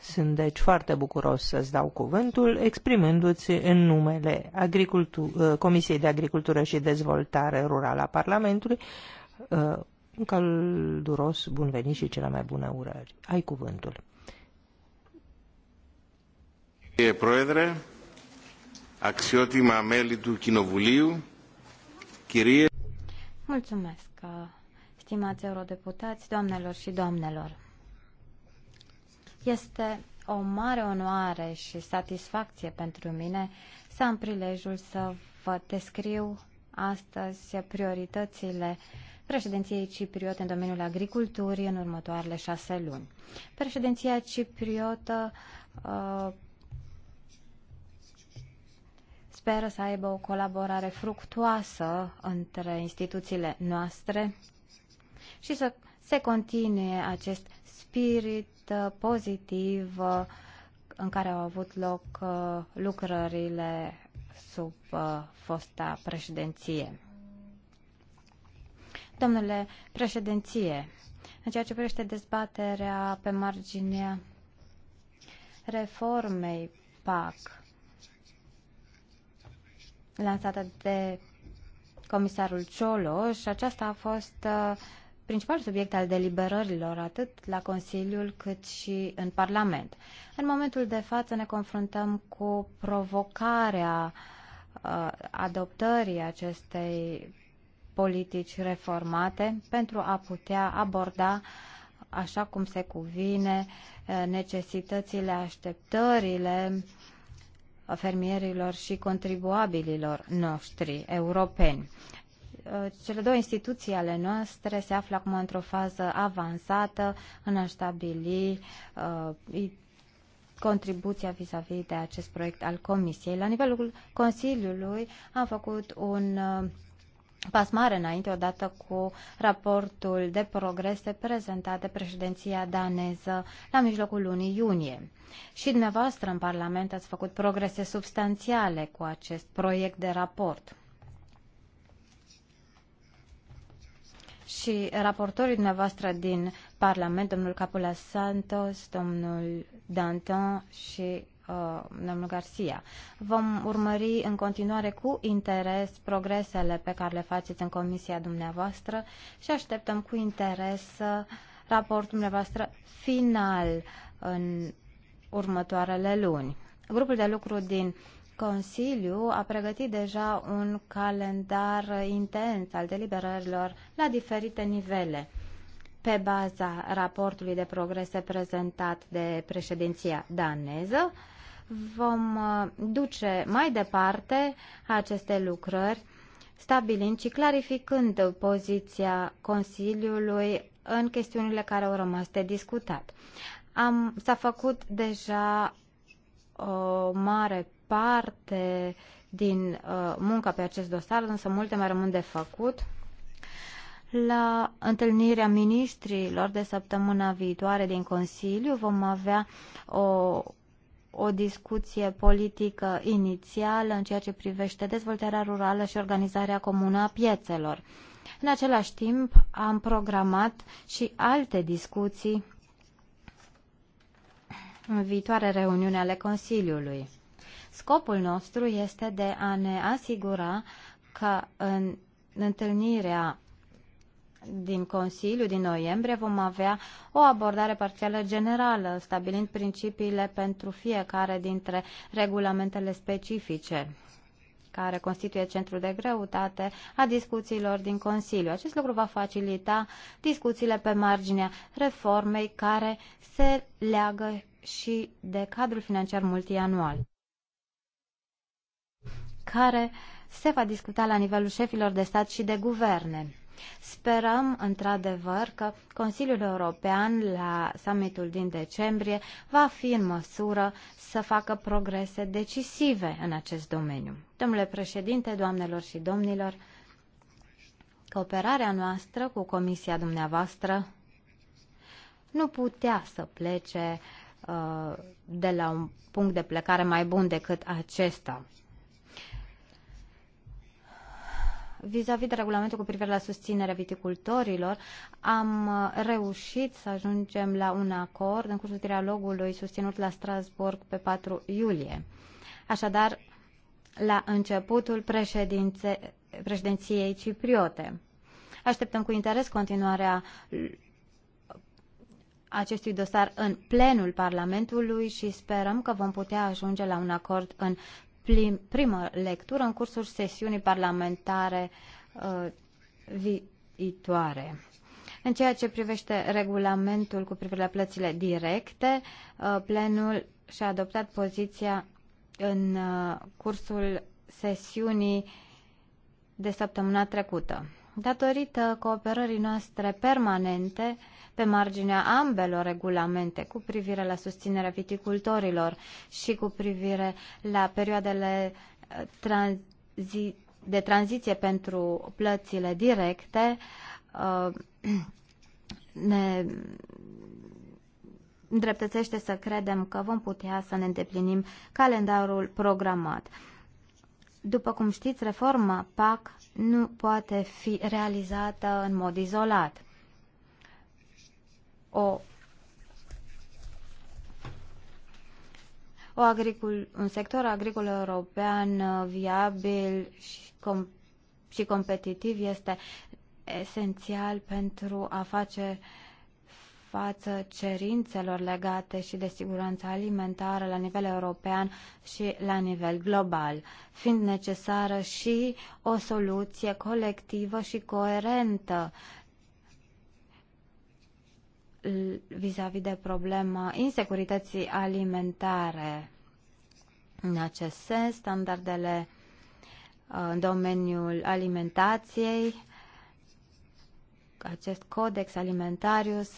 Speaker 2: Sunt deci foarte bucuros să-ți dau cuvântul, exprimându-ți în numele Agricultu uh, Comisiei de Agricultură și Dezvoltare Rurală a Parlamentului un călduros bun venit și cele mai bune urări. Ai cuvântul.
Speaker 1: Κύριε Πρόεδρε, axiotima μέλη του Κοινοβουλίου, κυρίες...
Speaker 4: Mulțumesc, stimați eurodeputați, doamnelor și domnilor. Este o mare onoare și satisfacție pentru mine să am prilejul să vă descriu astăzi prioritățile președinției Cipriote în domeniul agriculturii în următoarele șase luni. Președinția cipriotă uh, speră să aibă o colaborare fructuoasă între instituțiile noastre și să se continue acest spirit uh, pozitiv uh, în care au avut loc uh, lucrările sub fosta președinție. Domnule președinție, în ceea ce privește dezbaterea pe marginea reformei PAC lansată de comisarul Cioloș, aceasta a fost uh, principal subiect al deliberărilor atât la Consiliul cât și în Parlament. În momentul de față ne confruntăm cu provocarea uh, adoptării acestei politici reformate pentru a putea aborda așa cum se cuvine necesitățile, așteptările fermierilor și contribuabililor noștri europeni. Cele două instituții ale noastre se află acum într-o fază avansată în a stabili uh, contribuția vis-a-vis -vis de acest proiect al Comisiei. La nivelul Consiliului am făcut un uh, pas mare înainte odată cu raportul de progrese prezentat de președinția daneză la mijlocul lunii iunie. Și dumneavoastră în Parlament ați făcut progrese substanțiale cu acest proiect de raport. Și raportorii dumneavoastră din Parlament, domnul Capula Santos, domnul Danton și Uh, domnul Garcia. Vom urmări în continuare cu interes progresele pe care le faceți în comisia dumneavoastră și așteptăm cu interes uh, raportul dumneavoastră final în următoarele luni. Grupul de lucru din Consiliu a pregătit deja un calendar intens al deliberărilor la diferite nivele pe baza raportului de progrese prezentat de președinția daneză, vom uh, duce mai departe aceste lucrări, stabilind și clarificând poziția Consiliului în chestiunile care au rămas de discutat. Am, s-a făcut deja o mare parte din uh, munca pe acest dosar, însă multe mai rămân de făcut. La întâlnirea ministrilor de săptămâna viitoare din Consiliu vom avea o o discuție politică inițială în ceea ce privește dezvoltarea rurală și organizarea comună a piețelor. În același timp, am programat și alte discuții în viitoare reuniune ale Consiliului. Scopul nostru este de a ne asigura că în întâlnirea din Consiliu din noiembrie vom avea o abordare parțială generală, stabilind principiile pentru fiecare dintre regulamentele specifice care constituie centrul de greutate a discuțiilor din Consiliu. Acest lucru va facilita discuțiile pe marginea reformei care se leagă și de cadrul financiar multianual, care se va discuta la nivelul șefilor de stat și de guverne. Sperăm, într-adevăr, că Consiliul European la summitul din decembrie va fi în măsură să facă progrese decisive în acest domeniu. Domnule președinte, doamnelor și domnilor, cooperarea noastră cu Comisia dumneavoastră nu putea să plece uh, de la un punct de plecare mai bun decât acesta. vis-a-vis de regulamentul cu privire la susținerea viticultorilor, am uh, reușit să ajungem la un acord în cursul dialogului susținut la Strasburg pe 4 iulie. Așadar, la începutul președințe, președinției cipriote. Așteptăm cu interes continuarea acestui dosar în plenul Parlamentului și sperăm că vom putea ajunge la un acord în prim, primă lectură în cursul sesiunii parlamentare uh, viitoare. În ceea ce privește regulamentul cu privire la plățile directe, uh, plenul și-a adoptat poziția în uh, cursul sesiunii de săptămâna trecută. Datorită cooperării noastre permanente, uh, pe marginea ambelor regulamente cu privire la susținerea viticultorilor și cu privire la perioadele uh, tranzi- de tranziție pentru plățile directe, uh, ne îndreptățește să credem că vom putea să ne îndeplinim calendarul programat. După cum știți, reforma PAC nu poate fi realizată în mod izolat o, o agricul, un sector agricol european uh, viabil și, com, și competitiv este esențial pentru a face față cerințelor legate și de siguranța alimentară la nivel european și la nivel global, fiind necesară și o soluție colectivă și coerentă vis-a-vis -vis de problema insecurității alimentare. În acest sens, standardele uh, în domeniul alimentației, acest codex alimentarius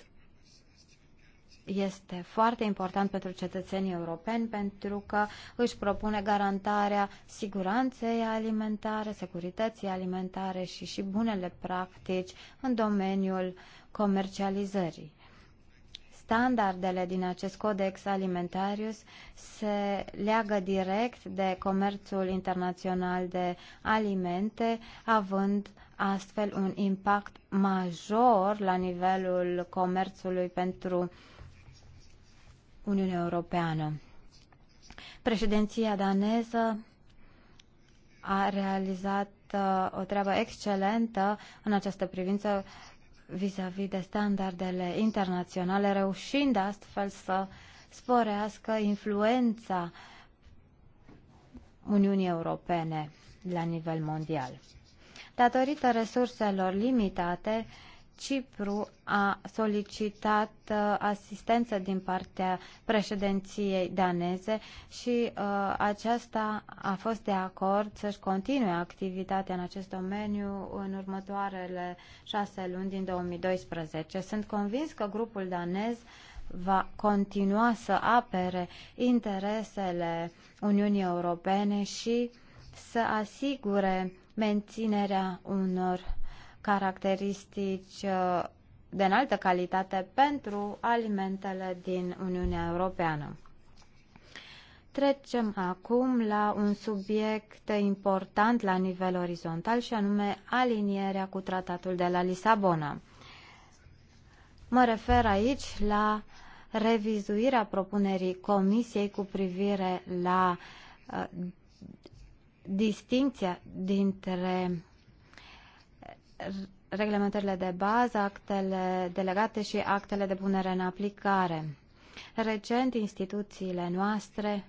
Speaker 4: este foarte important pentru cetățenii europeni pentru că își propune garantarea siguranței alimentare, securității alimentare și și bunele practici în domeniul comercializării standardele din acest codex alimentarius se leagă direct de comerțul internațional de alimente, având astfel un impact major la nivelul comerțului pentru Uniunea Europeană. Președinția daneză a realizat uh, o treabă excelentă în această privință vis-a-vis -vis de standardele internaționale, reușind astfel să sporească influența Uniunii Europene la nivel mondial. Datorită resurselor limitate, Cipru a solicitat uh, asistență din partea președinției daneze și uh, aceasta a fost de acord să-și continue activitatea în acest domeniu în următoarele șase luni din 2012. Sunt convins că grupul danez va continua să apere interesele Uniunii Europene și să asigure menținerea unor caracteristici uh, de înaltă calitate pentru alimentele din Uniunea Europeană. Trecem acum la un subiect important la nivel orizontal și anume alinierea cu tratatul de la Lisabona. Mă refer aici la revizuirea propunerii Comisiei cu privire la uh, distinția dintre reglementările de bază, actele delegate și actele de punere în aplicare. Recent, instituțiile noastre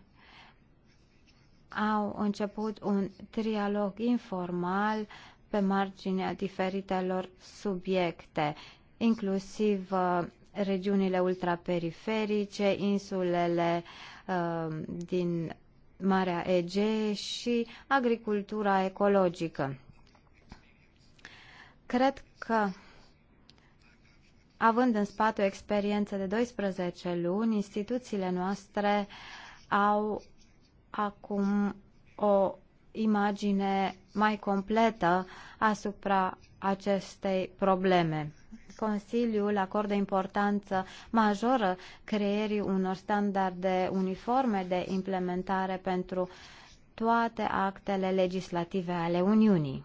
Speaker 4: au început un trialog informal pe marginea diferitelor subiecte, inclusiv uh, regiunile ultraperiferice, insulele uh, din Marea Ege și agricultura ecologică. Cred că având în spate o experiență de 12 luni, instituțiile noastre au acum o imagine mai completă asupra acestei probleme. Consiliul acordă importanță majoră creierii unor standarde uniforme de implementare pentru toate actele legislative ale Uniunii.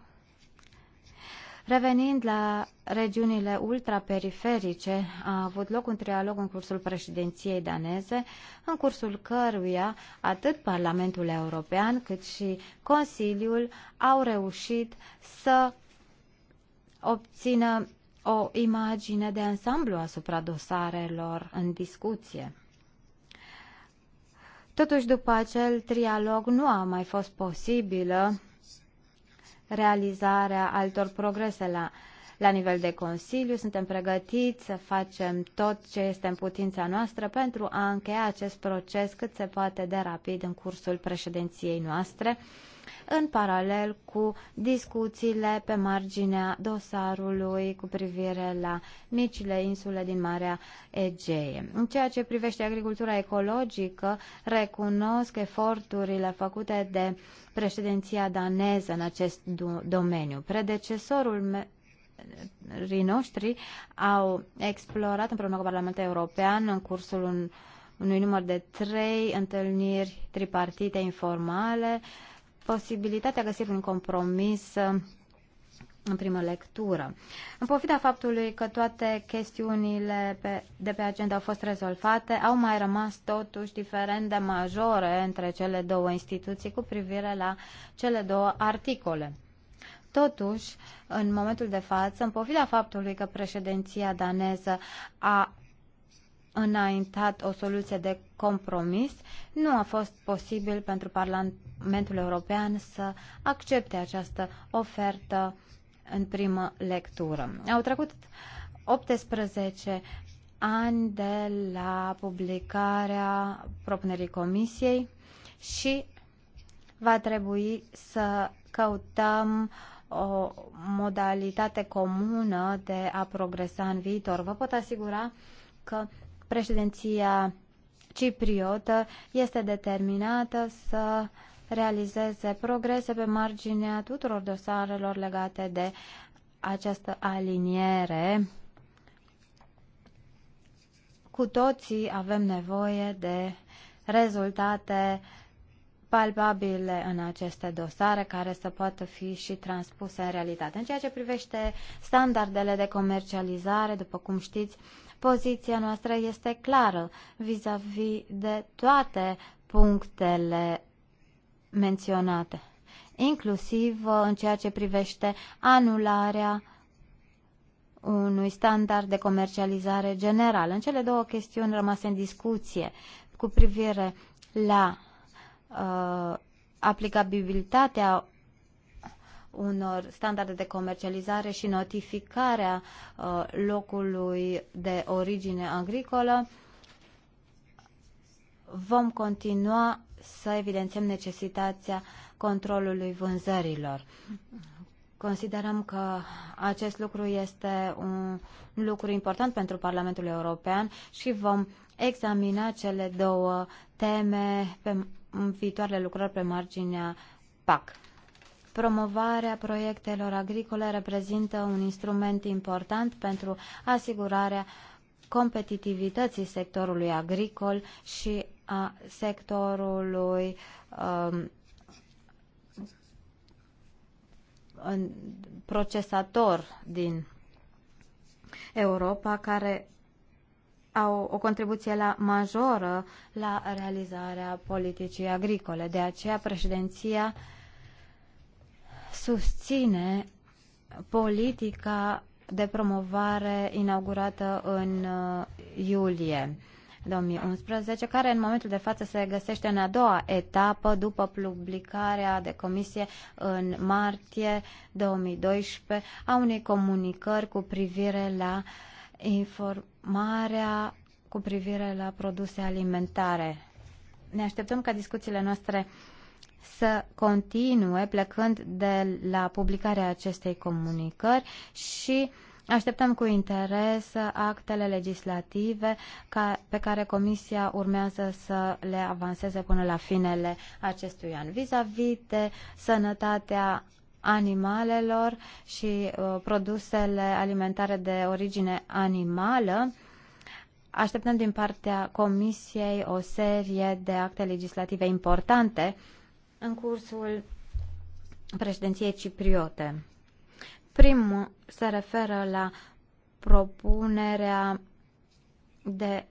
Speaker 4: Revenind la regiunile ultraperiferice, a avut loc un trialog în cursul președinției daneze, în cursul căruia atât Parlamentul European cât și Consiliul au reușit să obțină o imagine de ansamblu asupra dosarelor în discuție. Totuși, după acel trialog nu a mai fost posibilă realizarea altor progrese la, la nivel de Consiliu. Suntem pregătiți să facem tot ce este în putința noastră pentru a încheia acest proces cât se poate de rapid în cursul președinției noastre în paralel cu discuțiile pe marginea dosarului cu privire la micile insule din Marea Egee. În ceea ce privește agricultura ecologică, recunosc eforturile făcute de președinția daneză în acest domeniu. Predecesorul meu noștri au explorat împreună cu Parlamentul European în cursul un, unui număr de trei întâlniri tripartite informale uh, posibilitatea găsirii un compromis uh, în primă lectură. În pofida faptului că toate chestiunile pe, de pe agenda au fost rezolvate, au mai rămas totuși diferende majore între cele două instituții cu privire la cele două articole. Totuși, în momentul de față, în pofida faptului că președinția daneză a înaintat o soluție de compromis, nu a fost posibil pentru Parlamentul Parlamentul European să accepte această ofertă în primă lectură. Au trecut 18 ani de la publicarea propunerii Comisiei și va trebui să căutăm o modalitate comună de a progresa în viitor. Vă pot asigura că președinția cipriotă este determinată să uh, realizeze progrese pe marginea tuturor dosarelor legate de această aliniere. Cu toții avem nevoie de rezultate palpabile în aceste dosare care să poată fi și transpuse în realitate. În ceea ce privește standardele de comercializare, după cum știți, poziția noastră este clară vis-a-vis -vis de toate punctele menționate, inclusiv uh, în ceea ce privește anularea unui standard de comercializare general. În cele două chestiuni rămase în discuție cu privire la uh, aplicabilitatea unor standarde de comercializare și notificarea uh, locului de origine agricolă, vom continua să evidențiem necesitatea controlului vânzărilor. Considerăm că acest lucru este un lucru important pentru Parlamentul European și vom examina cele două teme pe viitoarele lucrări pe marginea PAC. Promovarea proiectelor agricole reprezintă un instrument important pentru asigurarea competitivității sectorului agricol și a sectorului um, în procesator din Europa care au o contribuție la majoră la realizarea politicii agricole. De aceea președinția susține politica de promovare inaugurată în uh, iulie. 2011, care în momentul de față se găsește în a doua etapă după publicarea de comisie în martie 2012 a unei comunicări cu privire la informarea cu privire la produse alimentare. Ne așteptăm ca discuțiile noastre să continue plecând de la publicarea acestei comunicări și uh, Așteptăm cu interes actele legislative ca, pe care Comisia urmează să le avanseze până la finele acestui an. Vis-a-vis de sănătatea animalelor și uh, produsele alimentare de origine animală, așteptăm din partea Comisiei o serie de acte legislative importante în cursul președinției cipriote. Primul se referă la propunerea de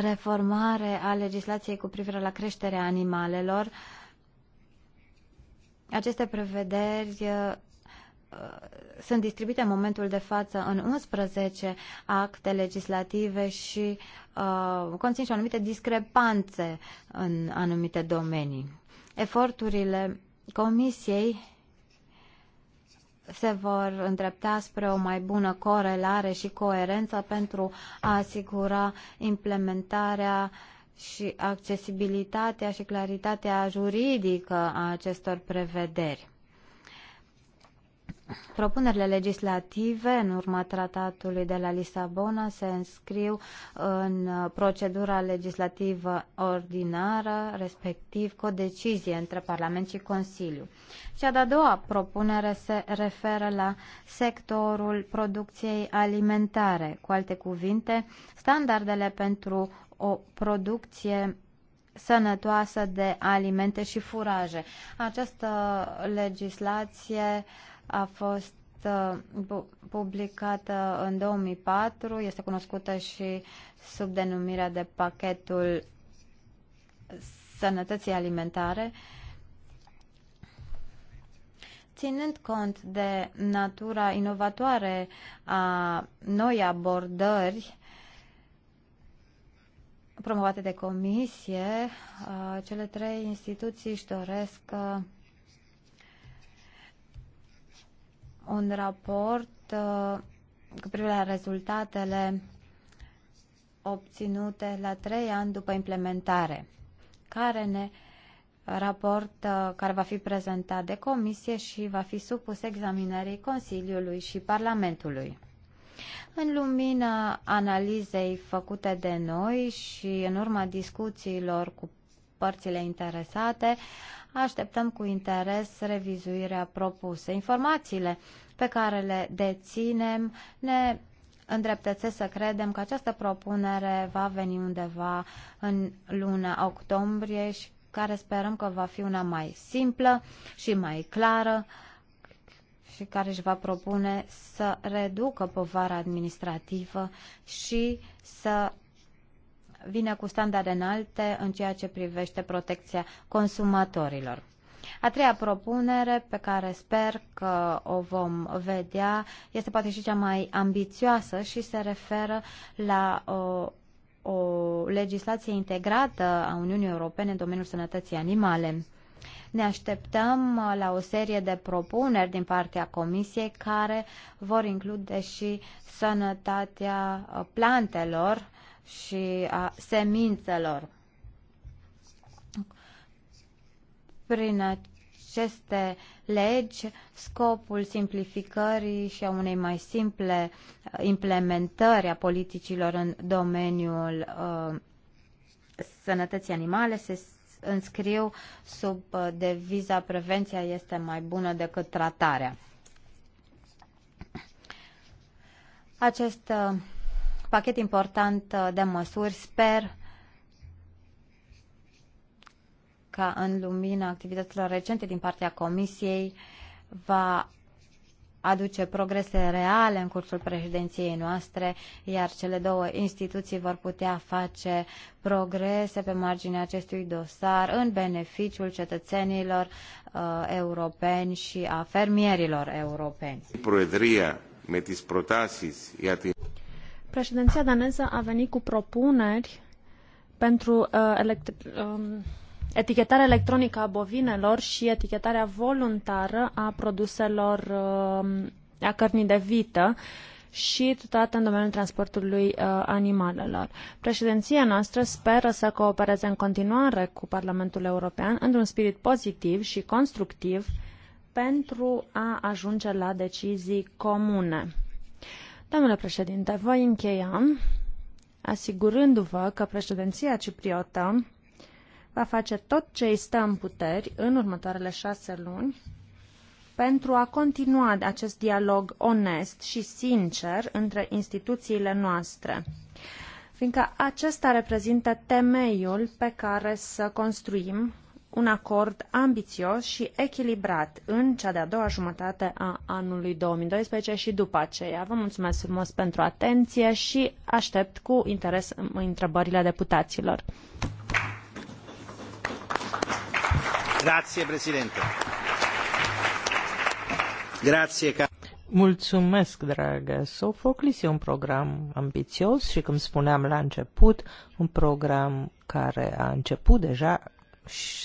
Speaker 4: reformare a legislației cu privire la creșterea animalelor. Aceste prevederi uh, uh, sunt distribuite în momentul de față în 11 acte legislative și uh, conțin și anumite discrepanțe în anumite domenii. Eforturile Comisiei se vor îndrepta spre o mai bună corelare și coerență pentru a asigura implementarea și accesibilitatea și claritatea juridică a acestor prevederi. Propunerile legislative în urma tratatului de la Lisabona se înscriu în procedura legislativă ordinară, respectiv cu o decizie între Parlament și Consiliu. Cea de-a doua propunere se referă la sectorul producției alimentare, cu alte cuvinte, standardele pentru o producție sănătoasă de alimente și furaje. Această legislație uh, a fost uh, publicată în 2004, este cunoscută și sub denumirea de pachetul sănătății alimentare. Ținând cont de natura inovatoare a noi abordări promovate de comisie, uh, cele trei instituții își doresc uh, un raport uh, cu privire la rezultatele obținute la trei ani după implementare, care ne raport uh, care va fi prezentat de comisie și va fi supus examinării Consiliului și Parlamentului. În lumina analizei făcute de noi și în urma discuțiilor cu părțile interesate, așteptăm cu interes revizuirea propusă. Informațiile pe care le deținem ne îndreptățe să credem că această propunere va veni undeva în luna octombrie și care sperăm că va fi una mai simplă și mai clară și care își va propune să reducă povara administrativă și să vină cu standarde înalte în ceea ce privește protecția consumatorilor. A treia propunere pe care sper că o vom vedea este poate și cea mai ambițioasă și se referă la o, o legislație integrată a Uniunii Europene în domeniul sănătății animale. Ne așteptăm la o serie de propuneri din partea Comisiei care vor include și sănătatea plantelor și a semințelor. Prin aceste legi, scopul simplificării și a unei mai simple uh, implementări a politicilor în domeniul uh, sănătății animale se înscriu sub uh, deviza prevenția este mai bună decât tratarea. Acest uh, pachet important de măsuri sper ca în lumina activităților recente din partea Comisiei va aduce progrese reale în cursul președinției noastre, iar cele două instituții vor putea face progrese pe marginea acestui dosar în beneficiul cetățenilor uh, europeni și a fermierilor europeni.
Speaker 1: Proedria, metis protasis,
Speaker 4: Președinția daneză a venit cu
Speaker 3: propuneri pentru uh, elect- uh, etichetarea electronică a bovinelor și etichetarea voluntară a produselor uh, a cărnii de vită și toată în domeniul transportului uh, animalelor. Președinția noastră speră să coopereze în continuare cu Parlamentul European într-un spirit pozitiv și constructiv pentru a ajunge la decizii comune. Domnule președinte, voi încheia asigurându-vă că președinția cipriotă va face tot ce îi stă în puteri în următoarele șase luni pentru a continua acest dialog onest și sincer între instituțiile noastre, fiindcă acesta reprezintă temeiul pe care să construim un acord ambițios și echilibrat în cea de-a doua jumătate a anului 2012 și după aceea. Vă mulțumesc frumos pentru atenție și aștept cu interes întrebările deputaților.
Speaker 2: Mulțumesc, dragă Sofoclis. E un program ambițios și, cum spuneam la început, un program care a început deja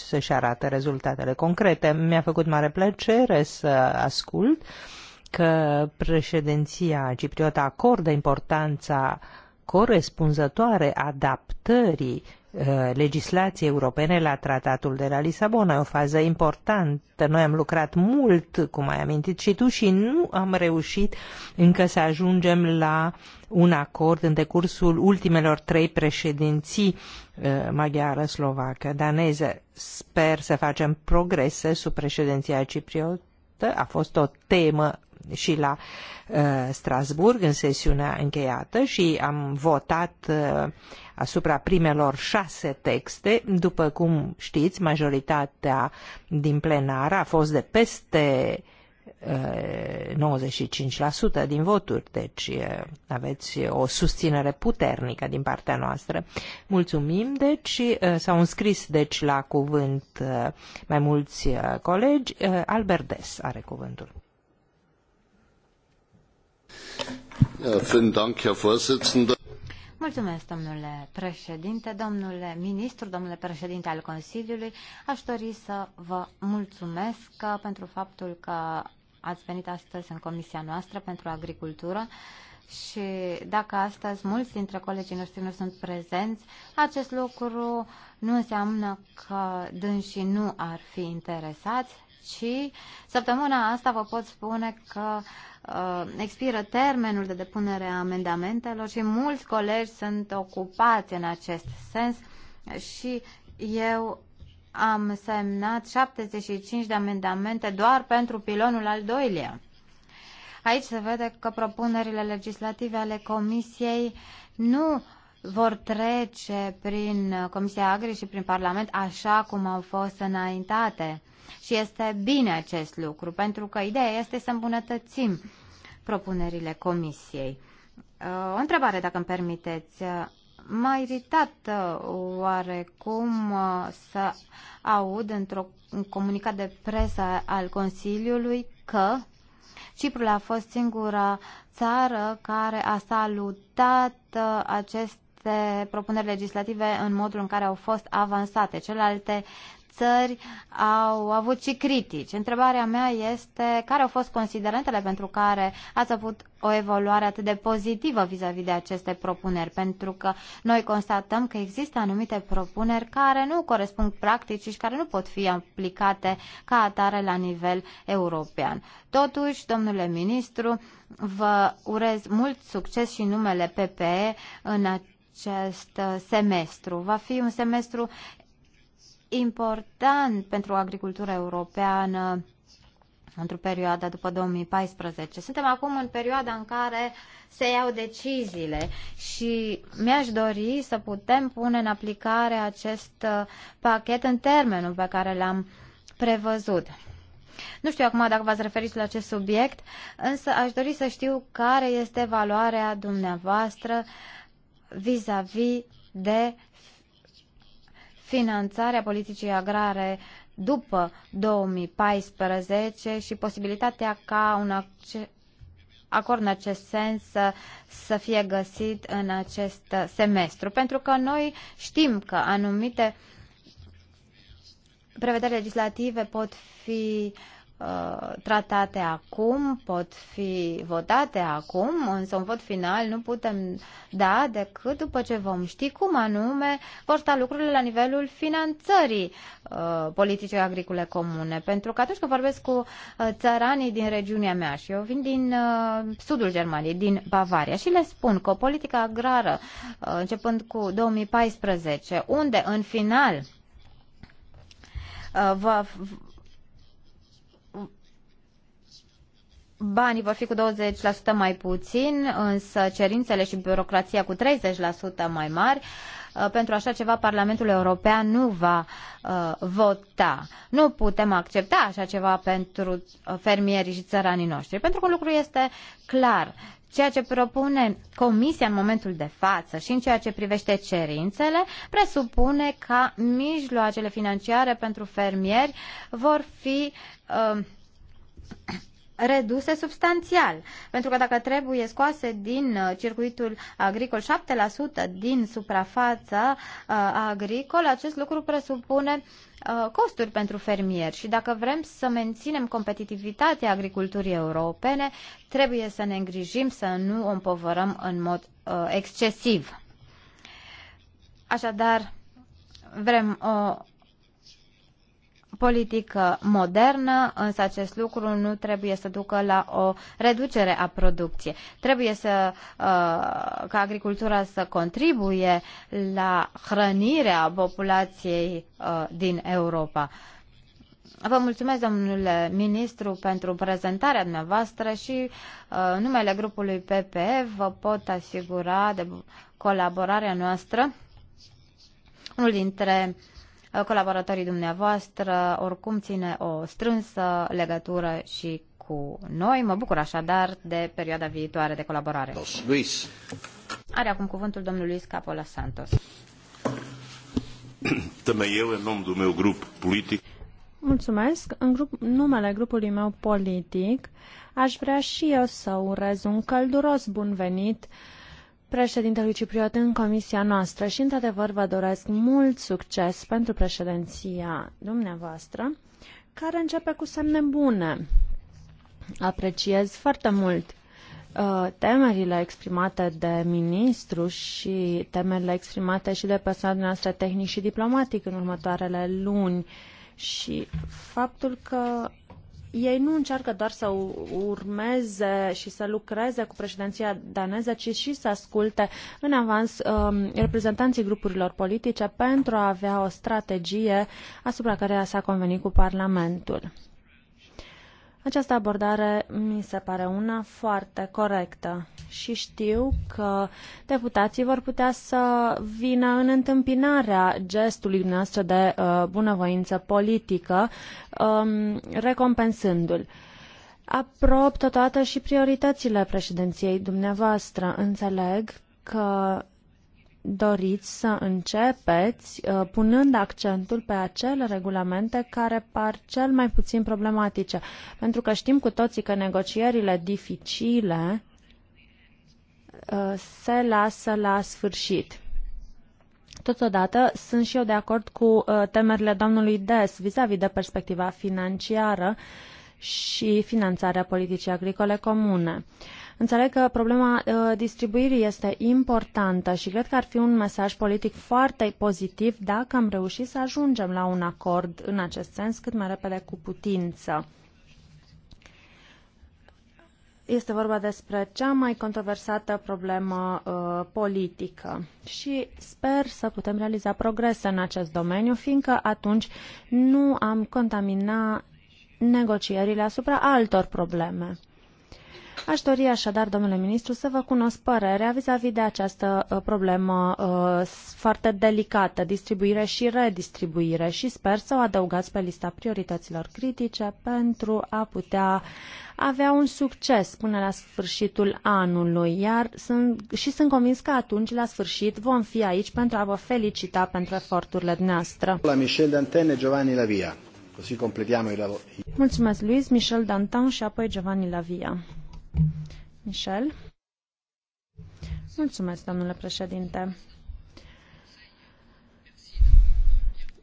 Speaker 2: să-și arate rezultatele concrete. Mi-a făcut mare plăcere să ascult că președinția cipriotă acordă importanța corespunzătoare adaptării Uh, legislației europene la tratatul de la Lisabona. O fază importantă. Noi am lucrat mult, cum ai amintit și tu, și nu am reușit încă să ajungem la un acord în decursul ultimelor trei președinții uh, maghiară, slovacă, daneză. Sper să facem progrese sub președinția cipriotă. A fost o temă și la uh, Strasburg în sesiunea încheiată și am votat uh, asupra primelor șase texte. După cum știți, majoritatea din plenar a fost de peste 95% eh, din voturi, deci eh, aveți o susținere puternică din partea noastră. Mulțumim, deci eh, s-au înscris deci la cuvânt mai mulți colegi. Albert Des are cuvântul.
Speaker 5: Ja, vielen Dank, Herr Vorsitzender.
Speaker 4: Mulțumesc, domnule președinte, domnule ministru, domnule președinte al Consiliului. Aș dori să vă mulțumesc pentru faptul că ați venit astăzi în comisia noastră pentru agricultură și dacă astăzi mulți dintre colegii noștri nu sunt prezenți, acest lucru nu înseamnă că dânsii nu ar fi interesați, ci săptămâna asta vă pot spune că uh, expiră termenul de depunere a amendamentelor și mulți colegi sunt ocupați în acest sens și eu am semnat 75 de amendamente doar pentru pilonul al doilea. Aici se vede că propunerile legislative ale Comisiei nu vor trece prin Comisia Agri și prin Parlament așa cum au fost înaintate. Și este bine acest lucru, pentru că ideea este să îmbunătățim propunerile Comisiei. Uh, o întrebare, dacă îmi permiteți. M-a iritat uh, oarecum uh, să aud într-un comunicat de presă al Consiliului că Ciprul a fost singura țară care a salutat acest aceste propuneri legislative în modul în care au fost avansate. Celelalte țări au avut și critici. Întrebarea mea este care au fost considerentele pentru care ați avut o evaluare atât de pozitivă vis-a-vis -vis de aceste propuneri, pentru că noi constatăm că există anumite propuneri care nu corespund practicii și care nu pot fi aplicate ca atare la nivel european. Totuși, domnule ministru, vă urez mult succes și numele PPE în acest acest uh, semestru. Va fi un semestru important pentru agricultura europeană într-o perioadă după 2014. Suntem acum în perioada în care se iau deciziile și mi-aș dori să putem pune în aplicare acest uh, pachet în termenul pe care l-am prevăzut. Nu știu acum dacă v-ați referit la acest subiect, însă aș dori să știu care este valoarea dumneavoastră vis-a-vis -vis de finanțarea politicii agrare după 2014 și posibilitatea ca un acord în acest sens să, să fie găsit în acest semestru. Pentru că noi știm că anumite prevederi legislative pot fi uh, Uh, tratate acum, pot fi votate acum, însă un vot final nu putem da decât după ce vom ști cum anume vor sta lucrurile la nivelul finanțării uh, politicii agricole comune. Pentru că atunci când vorbesc cu uh, țăranii din regiunea mea și eu vin din uh, sudul Germaniei, din Bavaria și le spun că o politică agrară uh, începând cu 2014, unde în final uh, va banii vor fi cu 20% mai puțin, însă cerințele și birocrația cu 30% mai mari, uh, pentru așa ceva Parlamentul European nu va uh, vota. Nu putem accepta așa ceva pentru uh, fermierii și țăranii noștri, pentru că lucrul este clar. Ceea ce propune Comisia în momentul de față și în ceea ce privește cerințele presupune ca mijloacele financiare pentru fermieri vor fi uh, reduse substanțial. Pentru că dacă trebuie scoase din uh, circuitul agricol 7% din suprafața uh, agricolă, acest lucru presupune uh, costuri pentru fermieri și dacă vrem să menținem competitivitatea agriculturii europene, trebuie să ne îngrijim să nu o împovărăm în mod uh, excesiv. Așadar, vrem o uh, politică modernă, însă acest lucru nu trebuie să ducă la o reducere a producției. Trebuie să, uh, ca agricultura să contribuie la hrănirea populației uh, din Europa. Vă mulțumesc, domnule ministru, pentru prezentarea dumneavoastră și uh, în numele grupului PPE vă pot asigura de colaborarea noastră. Unul dintre uh, colaboratorii dumneavoastră oricum ține o strânsă legătură și cu noi. Mă bucur așadar de perioada viitoare de colaborare. Luis. Are acum cuvântul domnul Luis Capola Santos.
Speaker 1: Também eu, în nom do meu grup politic.
Speaker 3: Mulțumesc. În grup, numele grupului meu politic aș vrea și eu să urez un călduros bun venit uh, președintelui Cipriot în comisia noastră și, într-adevăr, vă doresc mult succes pentru președinția dumneavoastră, care începe cu semne bune. Apreciez foarte mult uh, temerile exprimate de ministru și temerile exprimate și de persoanele noastre tehnic și diplomatic în următoarele luni și faptul că ei nu încearcă doar să urmeze și să lucreze cu președinția daneză, ci și să asculte în avans um, reprezentanții grupurilor politice pentru a avea o strategie asupra care s-a convenit cu Parlamentul. Această abordare mi se pare una foarte corectă și știu că deputații vor putea să vină în întâmpinarea gestului nostru de uh, bunăvoință politică, um, recompensându-l. Aprob totodată și prioritățile președinției dumneavoastră. Înțeleg că doriți să începeți uh, punând accentul pe acele regulamente care par cel mai puțin problematice. Pentru că știm cu toții că negocierile dificile uh, se lasă la sfârșit. Totodată, sunt și eu de acord cu uh, temerile domnului Des vis-a-vis -vis de perspectiva financiară și finanțarea politicii agricole comune. Uh, Înțeleg că problema uh, distribuirii este importantă și cred că ar fi un mesaj politic foarte pozitiv dacă am reușit să ajungem la un acord în acest sens cât mai repede cu putință. Este vorba despre cea mai controversată problemă uh, politică și sper să putem realiza progrese în acest domeniu, fiindcă atunci nu am contamina negocierile asupra altor probleme. Aș dori așadar, domnule ministru, să vă cunosc părerea vis-a-vis -vis de această uh, problemă uh, foarte delicată, distribuire și redistribuire și sper să o adăugați pe lista priorităților critice pentru a putea avea un succes până la sfârșitul anului, iar sunt, și sunt convins că atunci, la sfârșit, vom fi aici pentru a vă felicita pentru eforturile noastre. La Michel Dantene, Giovanni Lavia. Così completiamo Mulțumesc, Luis, Michel Dantan și apoi Giovanni Lavia. Michel. Mulțumesc, domnule președinte.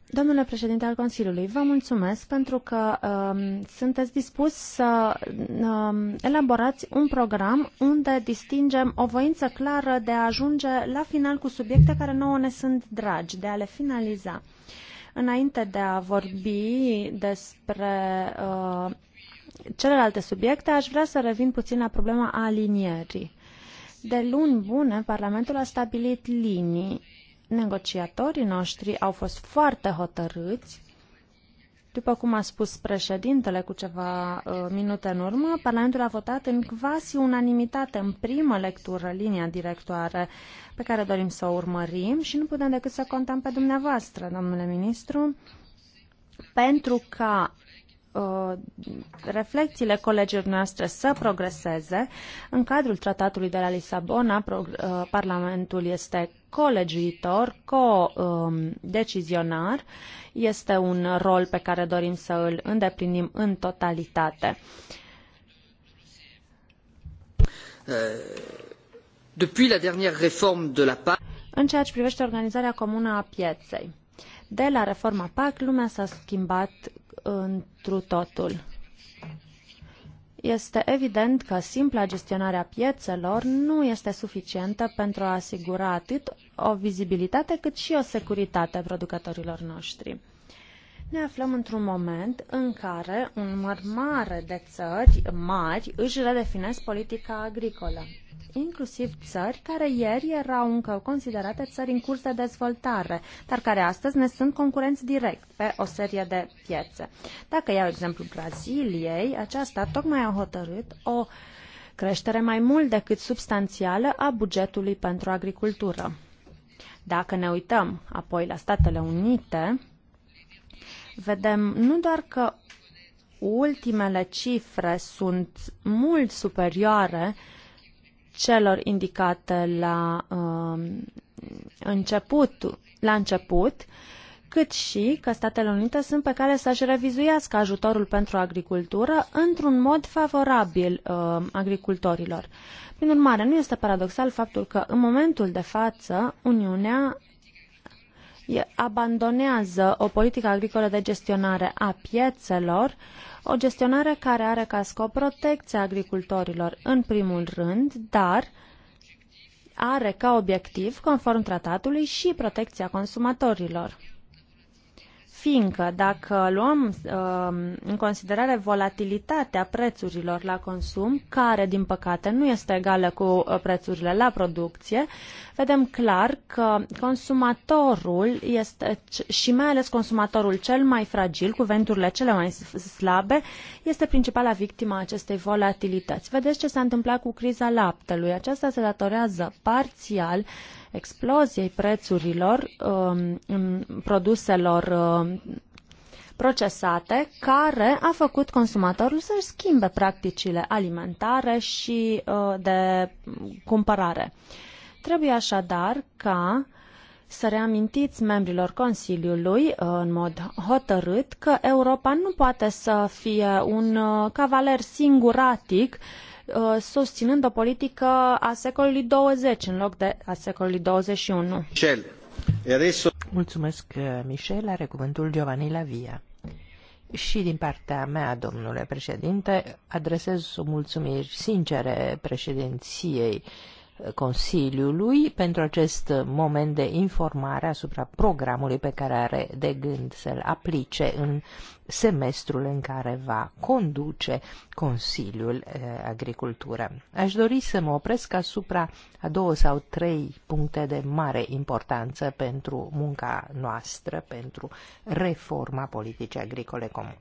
Speaker 3: Domnule președinte al Consiliului, vă mulțumesc pentru că um, sunteți dispus să um, elaborați un program unde distingem o voință clară de a ajunge la final cu subiecte care nouă ne sunt dragi, de a le finaliza. Înainte de a vorbi despre uh, celelalte subiecte, aș vrea să revin puțin la problema alinierii. De luni bune, Parlamentul a stabilit linii. Negociatorii noștri au fost foarte hotărâți. După cum a spus președintele cu ceva uh, minute în urmă, Parlamentul a votat în quasi unanimitate, în primă lectură, linia directoare pe care dorim să o urmărim și nu putem decât să contăm pe dumneavoastră, domnule ministru, pentru ca Uh, reflecțiile colegilor noastre să progreseze. În cadrul tratatului de la Lisabona, uh, Parlamentul este colegiuitor, co-decizionar. Este un rol pe care dorim să îl îndeplinim în totalitate.
Speaker 2: Uh, depuis la dernière réforme de la PAC,
Speaker 3: în ceea ce privește organizarea comună a pieței. De la reforma PAC, lumea s-a schimbat întru totul. Este evident că simpla gestionare a piețelor nu este suficientă pentru a asigura atât o vizibilitate cât și o securitate producătorilor noștri. Ne aflăm într-un moment în care un număr mare de țări mari își redefinesc politica agricolă inclusiv țări care ieri erau încă considerate țări în curs de dezvoltare, dar care astăzi ne sunt concurenți direct pe o serie de piețe. Dacă iau exemplu Braziliei, aceasta tocmai a hotărât o creștere mai mult decât substanțială a bugetului pentru agricultură. Dacă ne uităm apoi la Statele Unite, vedem nu doar că ultimele cifre sunt mult superioare celor indicate la uh, început, la început, cât și că Statele Unite sunt pe care să-și revizuiască ajutorul pentru agricultură într-un mod favorabil uh, agricultorilor. Prin urmare, nu este paradoxal faptul că în momentul de față Uniunea abandonează o politică agricolă de gestionare a piețelor, o gestionare care are ca scop protecția agricultorilor în primul rând, dar are ca obiectiv, conform tratatului, și protecția consumatorilor fiindcă dacă luăm uh, în considerare volatilitatea prețurilor la consum, care din păcate nu este egală cu uh, prețurile la producție, vedem clar că consumatorul este și mai ales consumatorul cel mai fragil, cu venturile cele mai slabe, este principala victima acestei volatilități. Vedeți ce s-a întâmplat cu criza laptelui. Aceasta se datorează parțial exploziei prețurilor um, produselor um, procesate, care a făcut consumatorul să-și schimbe practicile alimentare și uh, de cumpărare. Trebuie așadar ca să reamintiți membrilor Consiliului uh, în mod hotărât că Europa nu poate să fie un uh, cavaler singuratic uh, Uh, susținând o politică a secolului 20 în loc de a secolului 21.
Speaker 2: Michel. Mulțumesc, uh, Michel. Are cuvântul Giovanni Lavia. Și din partea mea, domnule președinte, adresez o mulțumiri sincere președinției uh, Consiliului pentru acest moment de informare asupra programului pe care are de gând să-l aplice în semestrul în care va conduce Consiliul eh, Agricultură. Aș dori să mă opresc asupra a două sau trei puncte de mare importanță pentru munca noastră, pentru reforma politicii agricole comune.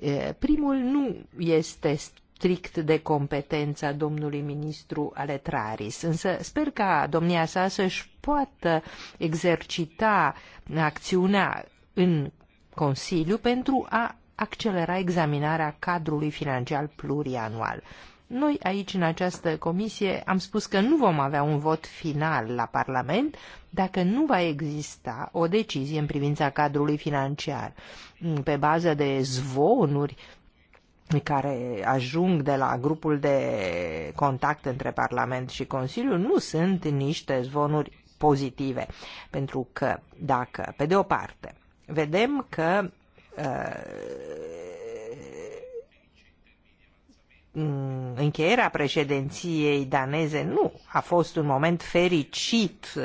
Speaker 2: Eh, primul nu este strict de competența domnului ministru Aletraris, însă sper ca domnia sa să-și poată exercita acțiunea în Consiliu pentru a accelera examinarea cadrului financiar plurianual. Noi aici, în această comisie, am spus că nu vom avea un vot final la Parlament dacă nu va exista o decizie în privința cadrului financiar. Mm, pe bază de zvonuri care ajung de la grupul de contact între Parlament și Consiliu, nu sunt niște zvonuri pozitive. Pentru că dacă, pe de o parte, vedem că uh, încheierea președinției daneze nu a fost un moment fericit uh,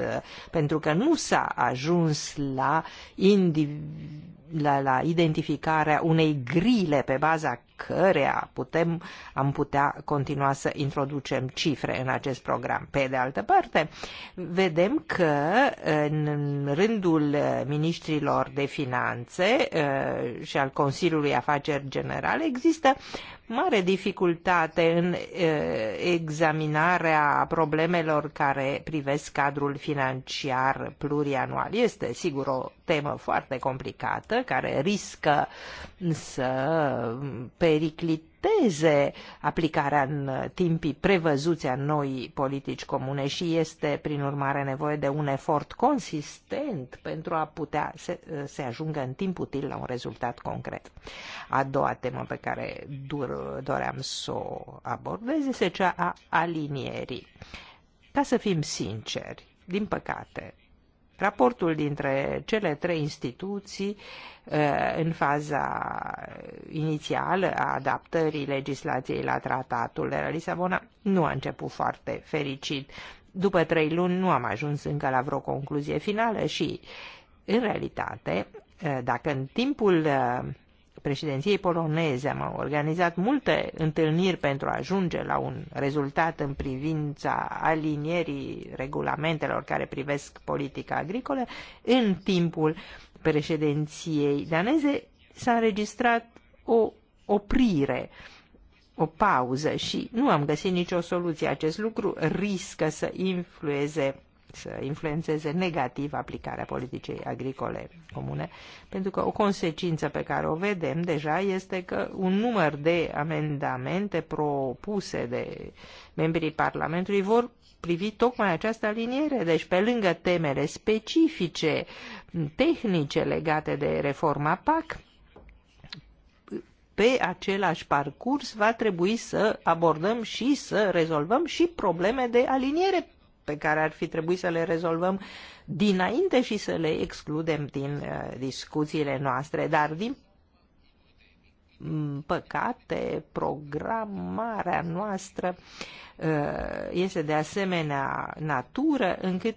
Speaker 2: pentru că nu s-a ajuns la, la, la identificarea unei grile pe baza cărea putem, am putea continua să introducem cifre în acest program. Pe de altă parte, vedem că în rândul ministrilor de finanțe eh, și al Consiliului Afaceri Generale există mare dificultate în eh, examinarea problemelor care privesc cadrul financiar plurianual. Este, sigur, o temă foarte complicată care riscă să pericliteze aplicarea în timpii prevăzuți a noi politici comune și este, prin urmare, nevoie de un efort consistent pentru a putea să se, se ajungă în timp util la un rezultat concret. A doua temă pe care dur, doream să o abordez este cea a alinierii. Ca să fim sinceri, din păcate, raportul dintre cele trei instituții eh, în faza inițială a adaptării legislației la tratatul de la Lisabona nu a început foarte fericit. După trei luni nu am ajuns încă la vreo concluzie finală și, în realitate, eh, dacă în timpul eh, președinției poloneze am organizat multe întâlniri pentru a ajunge la un rezultat în privința alinierii regulamentelor care privesc politica agricolă, în timpul președinției daneze s-a înregistrat o oprire, o pauză și nu am găsit nicio soluție. Acest lucru riscă să influeze să influențeze negativ aplicarea politicii agricole comune, pentru că o consecință pe care o vedem deja este că un număr de amendamente propuse de membrii Parlamentului vor privi tocmai această aliniere, deci pe lângă temele specifice, tehnice legate de reforma PAC, pe același parcurs va trebui să abordăm și să rezolvăm și probleme de aliniere pe care ar fi trebuit să le rezolvăm dinainte și să le excludem din uh, discuțiile noastre, dar din păcate, programarea noastră uh, este de asemenea natură încât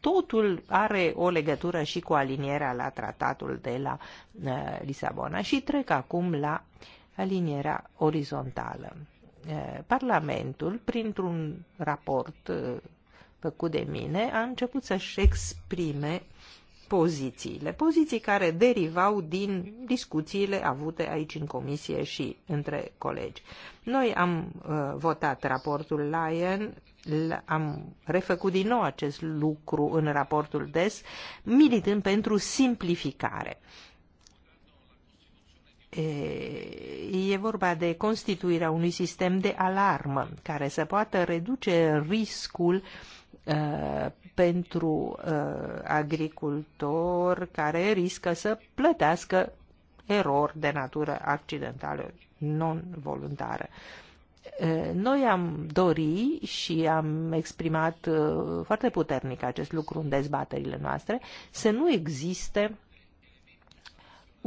Speaker 2: totul are o legătură și cu alinierea la tratatul de la uh, Lisabona. Și trec acum la alinierea orizontală. Parlamentul, printr-un raport făcut de mine, a început să-și exprime pozițiile, poziții care derivau din discuțiile avute aici în comisie și între colegi. Noi am uh, votat raportul Lyon, am refăcut din nou acest lucru în raportul DES, militând pentru simplificare. E, e vorba de constituirea unui sistem de alarmă care să poată reduce riscul uh, Uh, pentru uh, agricultor care riscă să plătească erori de natură accidentală, non-voluntară. Uh, noi am dorit și am exprimat foarte puternic acest lucru în dezbaterile noastre, să nu existe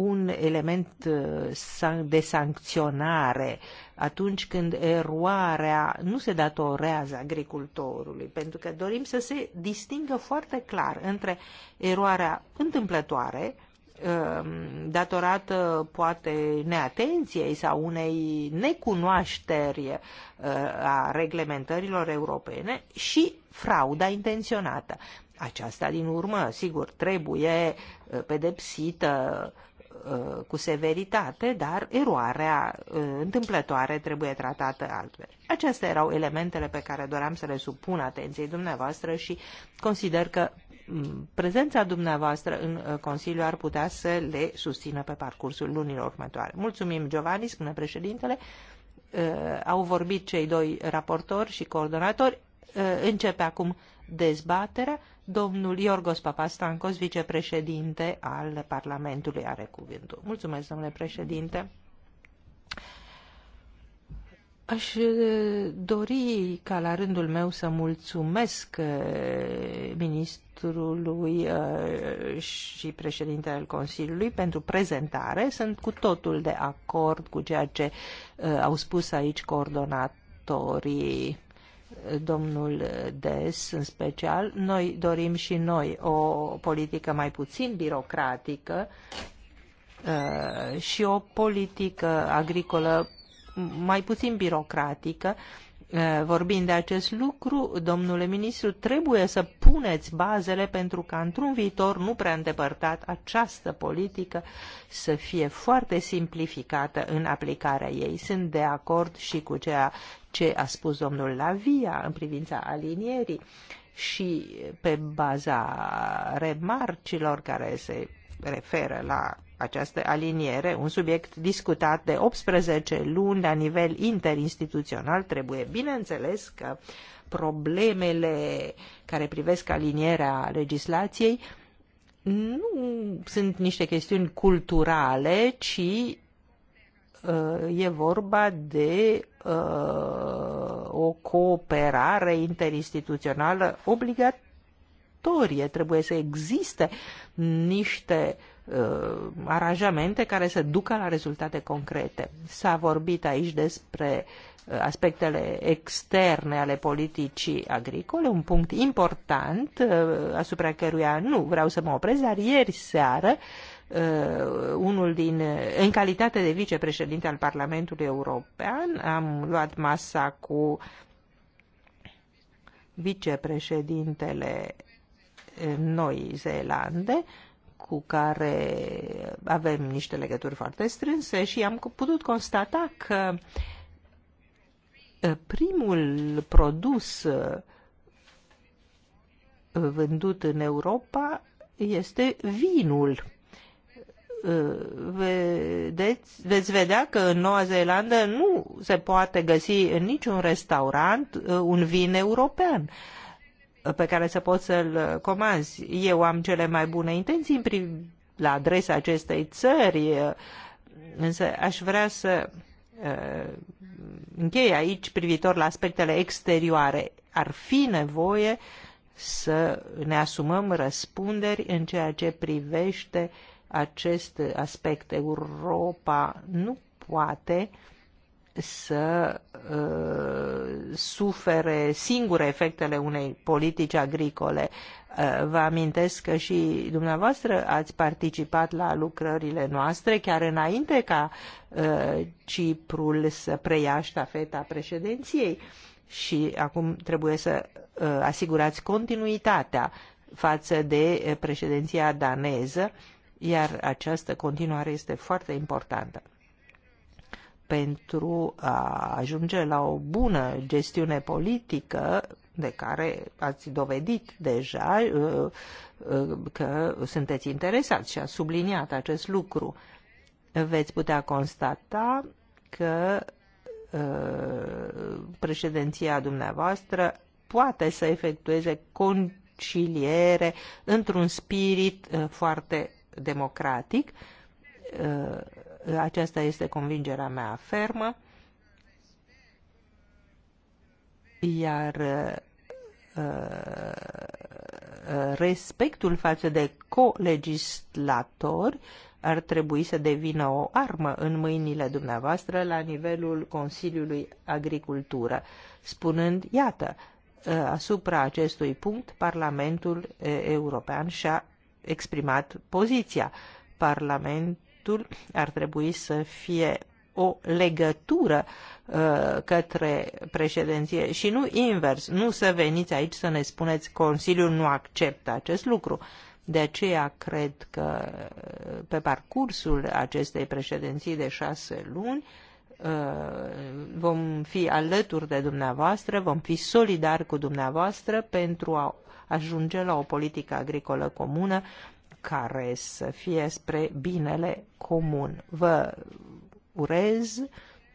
Speaker 2: un element uh, de sancționare atunci când eroarea nu se datorează agricultorului, pentru că dorim să se distingă foarte clar între eroarea întâmplătoare, um, datorată poate neatenției sau unei necunoașteri uh, a reglementărilor europene și frauda intenționată. Aceasta, din urmă, sigur, trebuie uh, pedepsită Uh, cu severitate, dar eroarea uh, întâmplătoare trebuie tratată altfel. Acestea erau elementele pe care doream să le supun atenției dumneavoastră și consider că mm, prezența dumneavoastră în uh, Consiliu ar putea să le susțină pe parcursul lunilor următoare. Mulțumim, Giovanni, spune președintele. Au vorbit cei doi raportori și coordonatori. Începe acum dezbaterea Domnul Iorgos Papastancos, vicepreședinte al Parlamentului, are cuvântul. Mulțumesc, domnule președinte. Aș dori ca la rândul meu să mulțumesc ministrului și președintele Consiliului pentru prezentare. Sunt cu totul de acord cu ceea ce au spus aici coordonatorii domnul Des în special, noi dorim și noi o politică mai puțin birocratică uh, și o politică agricolă mai puțin birocratică. Uh, vorbind de acest lucru, domnule ministru, trebuie să puneți bazele pentru ca într-un viitor nu prea îndepărtat această politică să fie foarte simplificată în aplicarea ei. Sunt de acord și cu ceea ce a spus domnul Lavia în privința alinierii și pe baza remarcilor care se referă la această aliniere, un subiect discutat de 18 luni la nivel interinstituțional, trebuie bineînțeles că problemele care privesc alinierea legislației nu sunt niște chestiuni culturale, ci Uh, e vorba de uh, o cooperare interinstituțională obligatorie. Trebuie să existe niște uh, aranjamente care să ducă la rezultate concrete. S-a vorbit aici despre aspectele externe ale politicii agricole, un punct important asupra căruia nu vreau să mă opresc, dar ieri seară uh, Uh, unul din, uh, în calitate de vicepreședinte al Parlamentului European, am luat masa cu vicepreședintele uh, Noi Zeelande, cu care avem niște legături foarte strânse și am putut constata că primul produs vândut în Europa este vinul Uh, vedeți, veți vedea că în Noua Zeelandă nu se poate găsi în niciun restaurant uh, un vin european uh, pe care să poți să-l comanzi. Eu am cele mai bune intenții la adresa acestei țări, însă aș vrea să închei aici privitor la aspectele exterioare. Ar fi nevoie să ne asumăm răspunderi în ceea ce privește uh, acest aspect. Europa nu poate să uh, sufere singure efectele unei politici agricole. Uh, vă amintesc că și dumneavoastră ați participat la lucrările noastre chiar înainte ca uh, Ciprul să preia ștafeta președinției și acum trebuie să uh, asigurați continuitatea față de președinția daneză uh, iar această continuare este foarte importantă pentru a ajunge la o bună gestiune politică de care ați dovedit deja uh, uh, că sunteți interesați și a subliniat acest lucru. Veți putea constata că uh, președinția dumneavoastră poate să efectueze conciliere într-un spirit foarte democratic. Uh, aceasta este convingerea mea fermă. Iar uh, uh, respectul față de colegislatori ar trebui să devină o armă în mâinile dumneavoastră la nivelul Consiliului Agricultură, spunând, iată, asupra acestui punct Parlamentul European și-a exprimat poziția. Parlamentul ar trebui să fie o legătură uh, către președinție și nu invers, nu să veniți aici să ne spuneți Consiliul nu acceptă acest lucru. De aceea cred că uh, pe parcursul acestei președinții de șase luni uh, vom fi alături de dumneavoastră, vom fi solidari cu dumneavoastră pentru a ajunge la o politică agricolă comună care să fie spre binele comun. Vă urez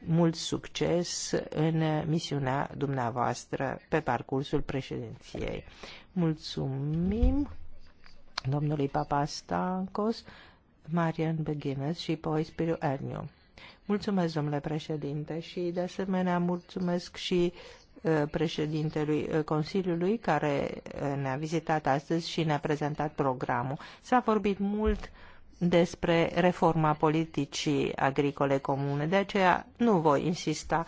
Speaker 2: mult succes în misiunea dumneavoastră pe parcursul președinției. Mulțumim domnului Papa Stancos, Marian Beghinez și poi Spiriu Erniu. Mulțumesc, domnule președinte, și de asemenea mulțumesc și Uh, președintelui uh, Consiliului care uh, ne-a vizitat astăzi și ne-a prezentat programul. S-a vorbit mult despre reforma politicii agricole comune. De aceea nu voi insista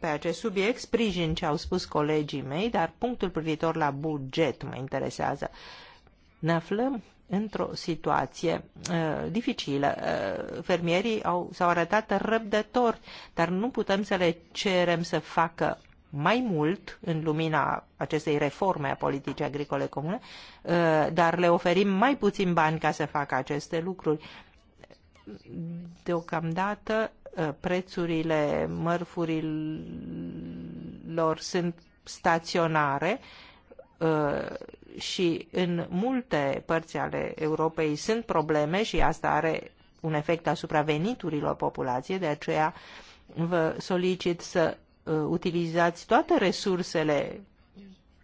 Speaker 2: pe acest subiect, sprijin ce au spus colegii mei, dar punctul privitor la buget mă interesează. Ne aflăm într-o situație uh, dificilă. Uh, fermierii au, s-au arătat răbdători, dar nu putem să le cerem să facă mai mult în lumina acestei reforme a politicii agricole comune, uh, dar le oferim mai puțin bani ca să facă aceste lucruri. Deocamdată uh, prețurile mărfurilor sunt staționare uh, și în multe părți ale Europei sunt probleme și asta are un efect asupra veniturilor populației, de aceea vă solicit să uh, utilizați toate resursele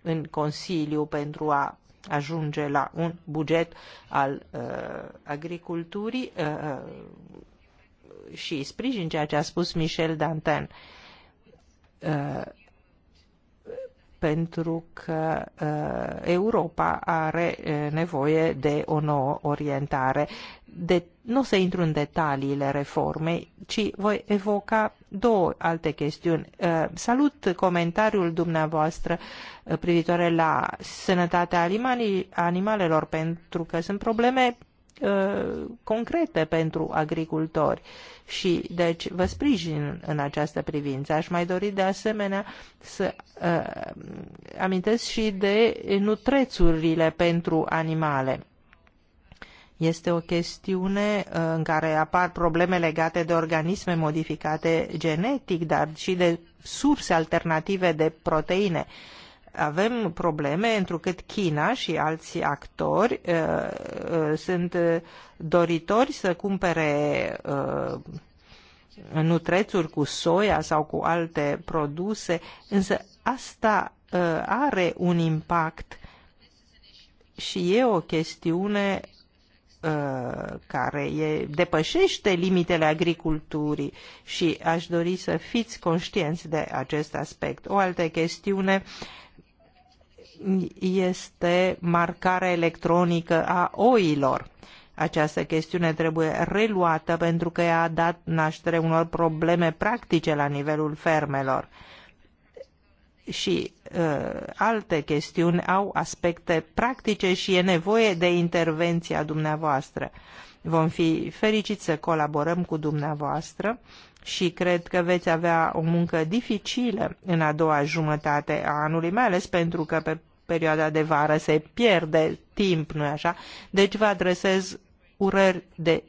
Speaker 2: în Consiliu pentru a ajunge la un buget al uh, agriculturii uh, uh și sprijin ceea ce a spus Michel Dantin. Uh, pentru că uh, Europa are uh, nevoie de o nouă orientare. De, nu se intru în detaliile reformei, ci voi evoca două alte chestiuni. Uh, salut comentariul dumneavoastră privitoare la sănătatea animalelor, pentru că sunt probleme Uh, concrete pentru agricultori și deci vă sprijin în această privință. Aș mai dori de asemenea să uh, amintesc și de nutrețurile pentru animale. Este o chestiune uh, în care apar probleme legate de organisme modificate genetic, dar și de surse alternative de proteine. Uh, avem probleme, întrucât China și alți actori uh, uh, sunt doritori să cumpere uh, nutrețuri cu soia sau cu alte produse, însă asta are un impact și e o chestiune care e, depășește limitele agriculturii și aș dori să fiți conștienți de acest aspect. O altă chestiune este marcarea electronică a oilor. Această chestiune trebuie reluată pentru că ea a dat naștere unor probleme practice la nivelul fermelor și uh, alte chestiuni au aspecte practice și e nevoie de intervenția dumneavoastră. Vom fi fericiți să colaborăm cu dumneavoastră și cred că veți avea o muncă dificilă în a doua jumătate a anului, mai ales pentru că pe perioada de vară se pierde timp, nu-i așa? Deci vă adresez urări de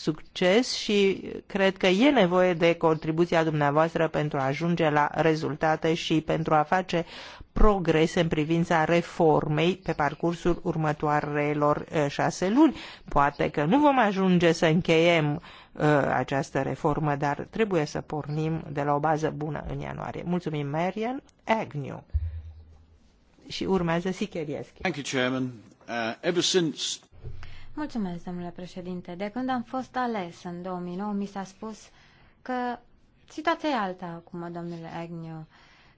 Speaker 2: succes și cred că e nevoie de contribuția dumneavoastră pentru a ajunge la rezultate și pentru a face progrese în privința reformei pe parcursul următoarelor eh, șase luni. Poate că nu vom ajunge să încheiem uh, această reformă, dar trebuie să pornim de la o bază bună în ianuarie. Mulțumim, Marian Agnew. Și urmează Sikerieschi.
Speaker 5: Thank you, Chairman. Uh, ever since
Speaker 4: Mulțumesc, domnule președinte. De când am fost ales în 2009, mi s-a spus că situația e alta acum, domnule Agnew.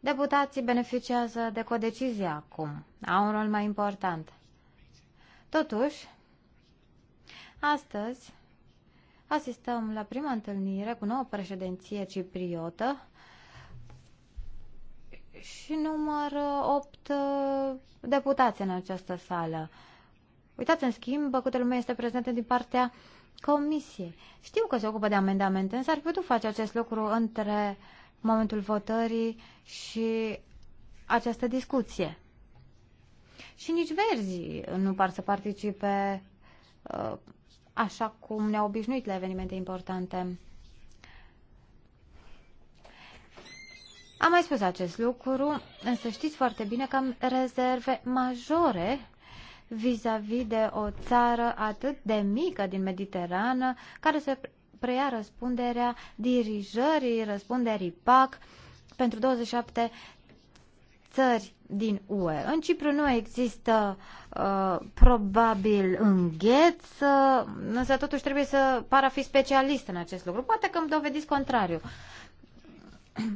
Speaker 4: Deputații beneficiază de codecizie acum. Au un rol mai important. Totuși, astăzi asistăm la prima întâlnire cu nouă președinție cipriotă și număr 8 uh, deputați în această sală. Uitați, în schimb, câtă lume este prezentă din partea Comisiei. Știu că se ocupă de amendamente, însă ar putea face acest lucru între momentul votării și această discuție. Și nici verzii nu par să participe uh, așa cum ne-au obișnuit la evenimente importante. Am mai spus acest lucru, însă știți foarte bine că am rezerve majore vis-a-vis -vis de o țară atât de mică din Mediterană, care se preia răspunderea dirijării, răspunderii PAC pentru 27 țări din UE. În Cipru nu există uh, probabil îngheț, uh, însă totuși trebuie să par a fi specialist în acest lucru. Poate că îmi dovediți contrariu.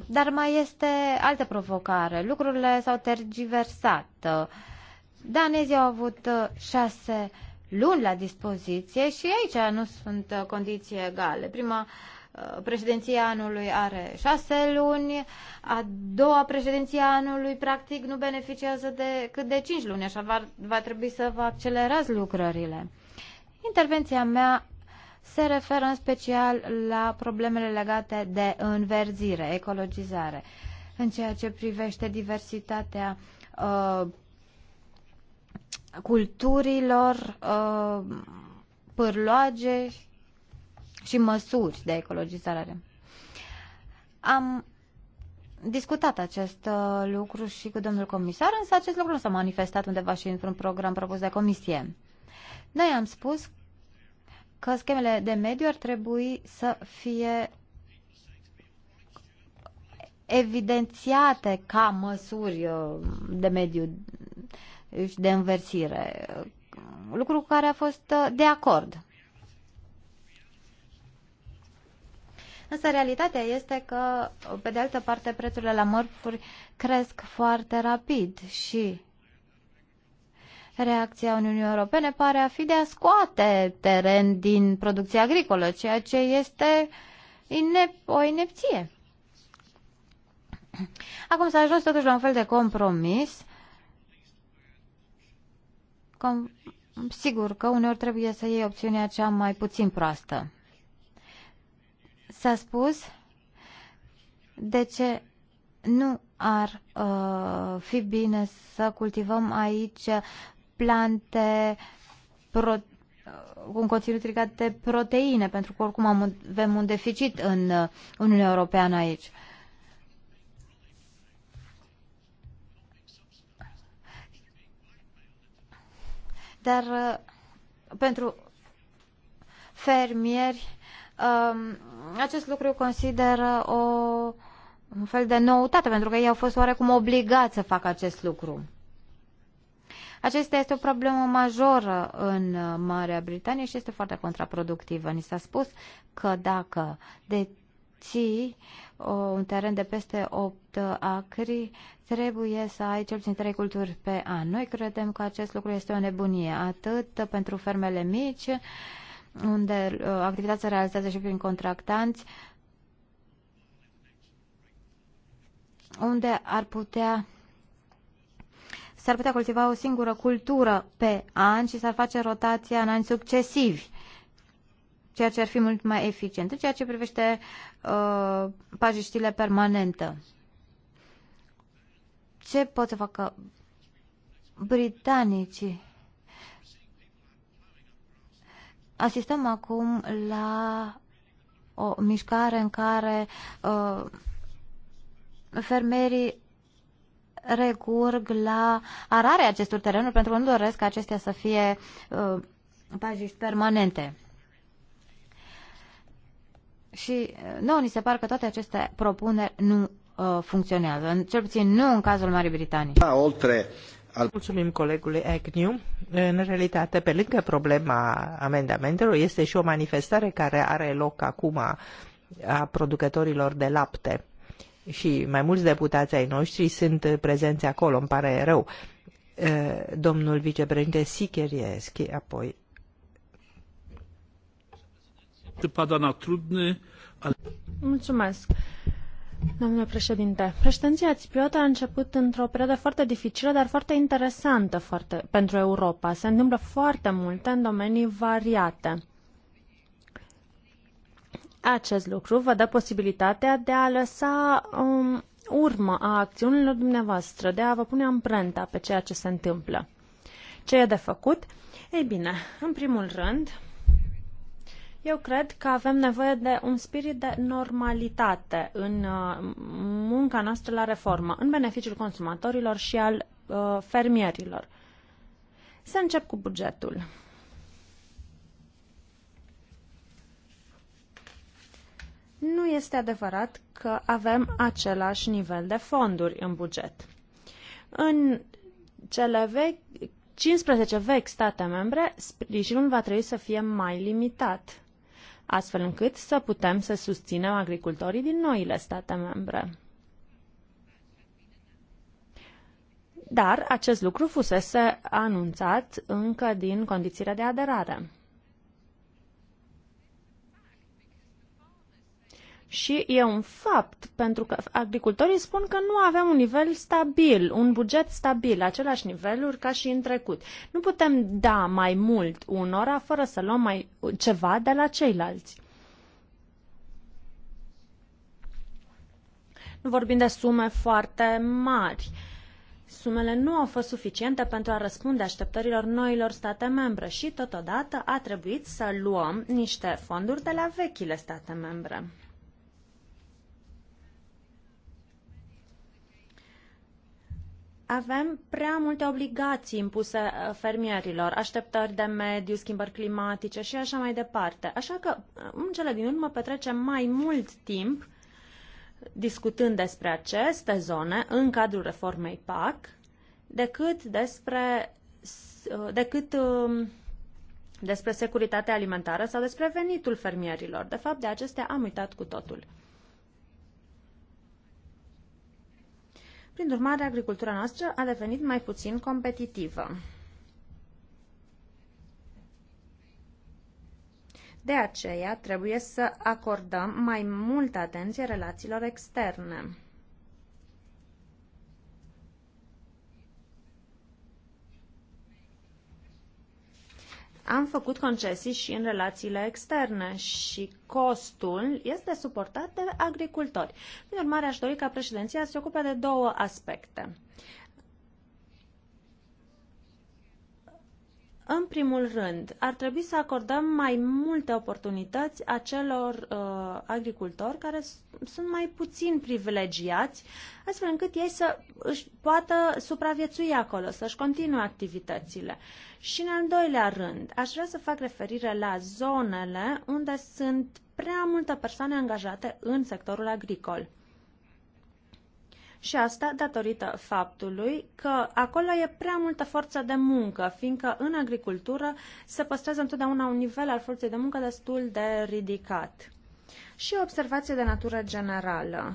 Speaker 4: Dar mai este altă provocare. Lucrurile s-au tergiversat. Uh, Danezii au avut uh, șase luni la dispoziție și aici nu sunt uh, condiții egale. Prima uh, președinția anului are șase luni, a doua președinția anului practic nu beneficiază de cât de cinci luni, așa va, va trebui să vă accelerați lucrările. Intervenția mea se referă în special la problemele legate de înverzire, ecologizare. În ceea ce privește diversitatea uh, culturilor, uh, pârloage și măsuri de ecologizare. Am discutat acest uh, lucru și cu domnul comisar, însă acest lucru nu s-a manifestat undeva și într-un program propus de comisie. Noi am spus că schemele de mediu ar trebui să fie evidențiate ca măsuri uh, de mediu și de înversire, lucru cu care a fost uh, de acord. Însă realitatea este că, pe de altă parte, prețurile la mărfuri cresc foarte rapid și reacția Uniunii Europene pare a fi de a scoate teren din producția agricolă, ceea ce este inep- o inepție. Acum s-a ajuns totuși la un fel de compromis că sigur că uneori trebuie să iei opțiunea cea mai puțin proastă. S-a spus de ce nu ar uh, fi bine să cultivăm aici plante pro, cu uh, un conținut ridicat de proteine, pentru că oricum avem un deficit în uh, Uniunea Europeană aici. Uh, Dar uh, pentru fermieri, um, acest lucru eu consider uh, o, un fel de noutate, pentru că ei au fost oarecum obligați să facă acest lucru. Acesta este o problemă majoră în uh, Marea Britanie și este foarte contraproductivă. Ni s-a spus că dacă de ții o, un teren de peste 8 acri, trebuie să ai cel puțin 3 culturi pe an. Noi credem că acest lucru este o nebunie, atât pentru fermele mici, unde o, uh, activitatea se realizează și prin contractanți, unde ar putea s-ar putea cultiva o singură cultură pe an și s-ar face rotația în ani succesivi ceea ce ar fi mult mai eficient. În ceea ce privește uh, pajiștile permanentă, ce pot să facă britanicii? Asistăm acum la o mișcare în care uh, fermerii recurg la ararea acestor terenuri pentru că nu doresc ca acestea să fie uh, pajiști permanente. Și uh, nu ni se pare că toate aceste propuneri nu uh, funcționează, cel puțin nu în cazul Marii Britanii.
Speaker 2: Da, oltre al... Mulțumim colegului
Speaker 4: Agnew. În realitate,
Speaker 2: pe lângă problema amendamentelor, este și o manifestare care are loc acum a producătorilor de lapte. Și mai mulți deputați ai noștri sunt prezenți acolo, îmi pare rău. Uh, domnul vicepreședinte Sicherieschi, apoi
Speaker 4: pada na trudny,
Speaker 2: ale...
Speaker 3: Mulțumesc. Domnule președinte, președinția țipriotă a început într-o perioadă foarte dificilă, dar foarte interesantă foarte, pentru Europa. Se întâmplă foarte multe în domenii variate. Acest lucru vă dă posibilitatea de a lăsa um, urmă a acțiunilor dumneavoastră, de a vă pune amprenta pe ceea ce se întâmplă. Ce e de făcut? Ei bine, în primul rând, eu cred că avem nevoie de un spirit de normalitate în uh, munca noastră la reformă, în beneficiul consumatorilor și al uh, fermierilor. Să încep cu bugetul. Nu este adevărat că avem același nivel de fonduri în buget. În cele vechi, 15 vechi state membre, sprijinul va trebui să fie mai limitat astfel încât să putem să susținem agricultorii din noile state membre. Dar acest lucru fusese anunțat încă din condițiile de aderare. Și e un fapt, pentru că agricultorii spun că nu avem un nivel stabil, un buget stabil, același niveluri ca și în trecut. Nu putem da mai mult unora fără să luăm mai ceva de la ceilalți. Nu vorbim de sume foarte mari. Sumele nu au fost suficiente pentru a răspunde așteptărilor noilor state membre și, totodată, a trebuit să luăm niște fonduri de la vechile state membre. Avem prea multe obligații impuse uh, fermierilor, așteptări de mediu, schimbări climatice și așa mai departe. Așa că, uh, în cele din urmă, petrecem mai mult timp discutând despre aceste zone în cadrul reformei PAC decât despre, uh, decât, um, despre securitatea alimentară sau despre venitul fermierilor. De fapt, de acestea am uitat cu totul. Prin urmare, agricultura noastră a devenit mai puțin competitivă. De aceea, trebuie să acordăm mai multă atenție relațiilor externe. am făcut concesii și în relațiile externe și costul este suportat de agricultori. Prin urmare, aș dori ca președinția să se ocupe de două aspecte. În primul rând, ar trebui să acordăm mai multe oportunități acelor uh, agricultori care sunt mai puțin privilegiați, astfel încât ei să își poată supraviețui acolo, să-și continue activitățile. Și în al doilea rând, aș vrea să fac referire la zonele unde sunt prea multe persoane angajate în sectorul agricol. Și asta datorită faptului că acolo e prea multă forță de muncă, fiindcă în agricultură se păstrează întotdeauna un nivel al forței de muncă destul de ridicat. Și o observație de natură generală.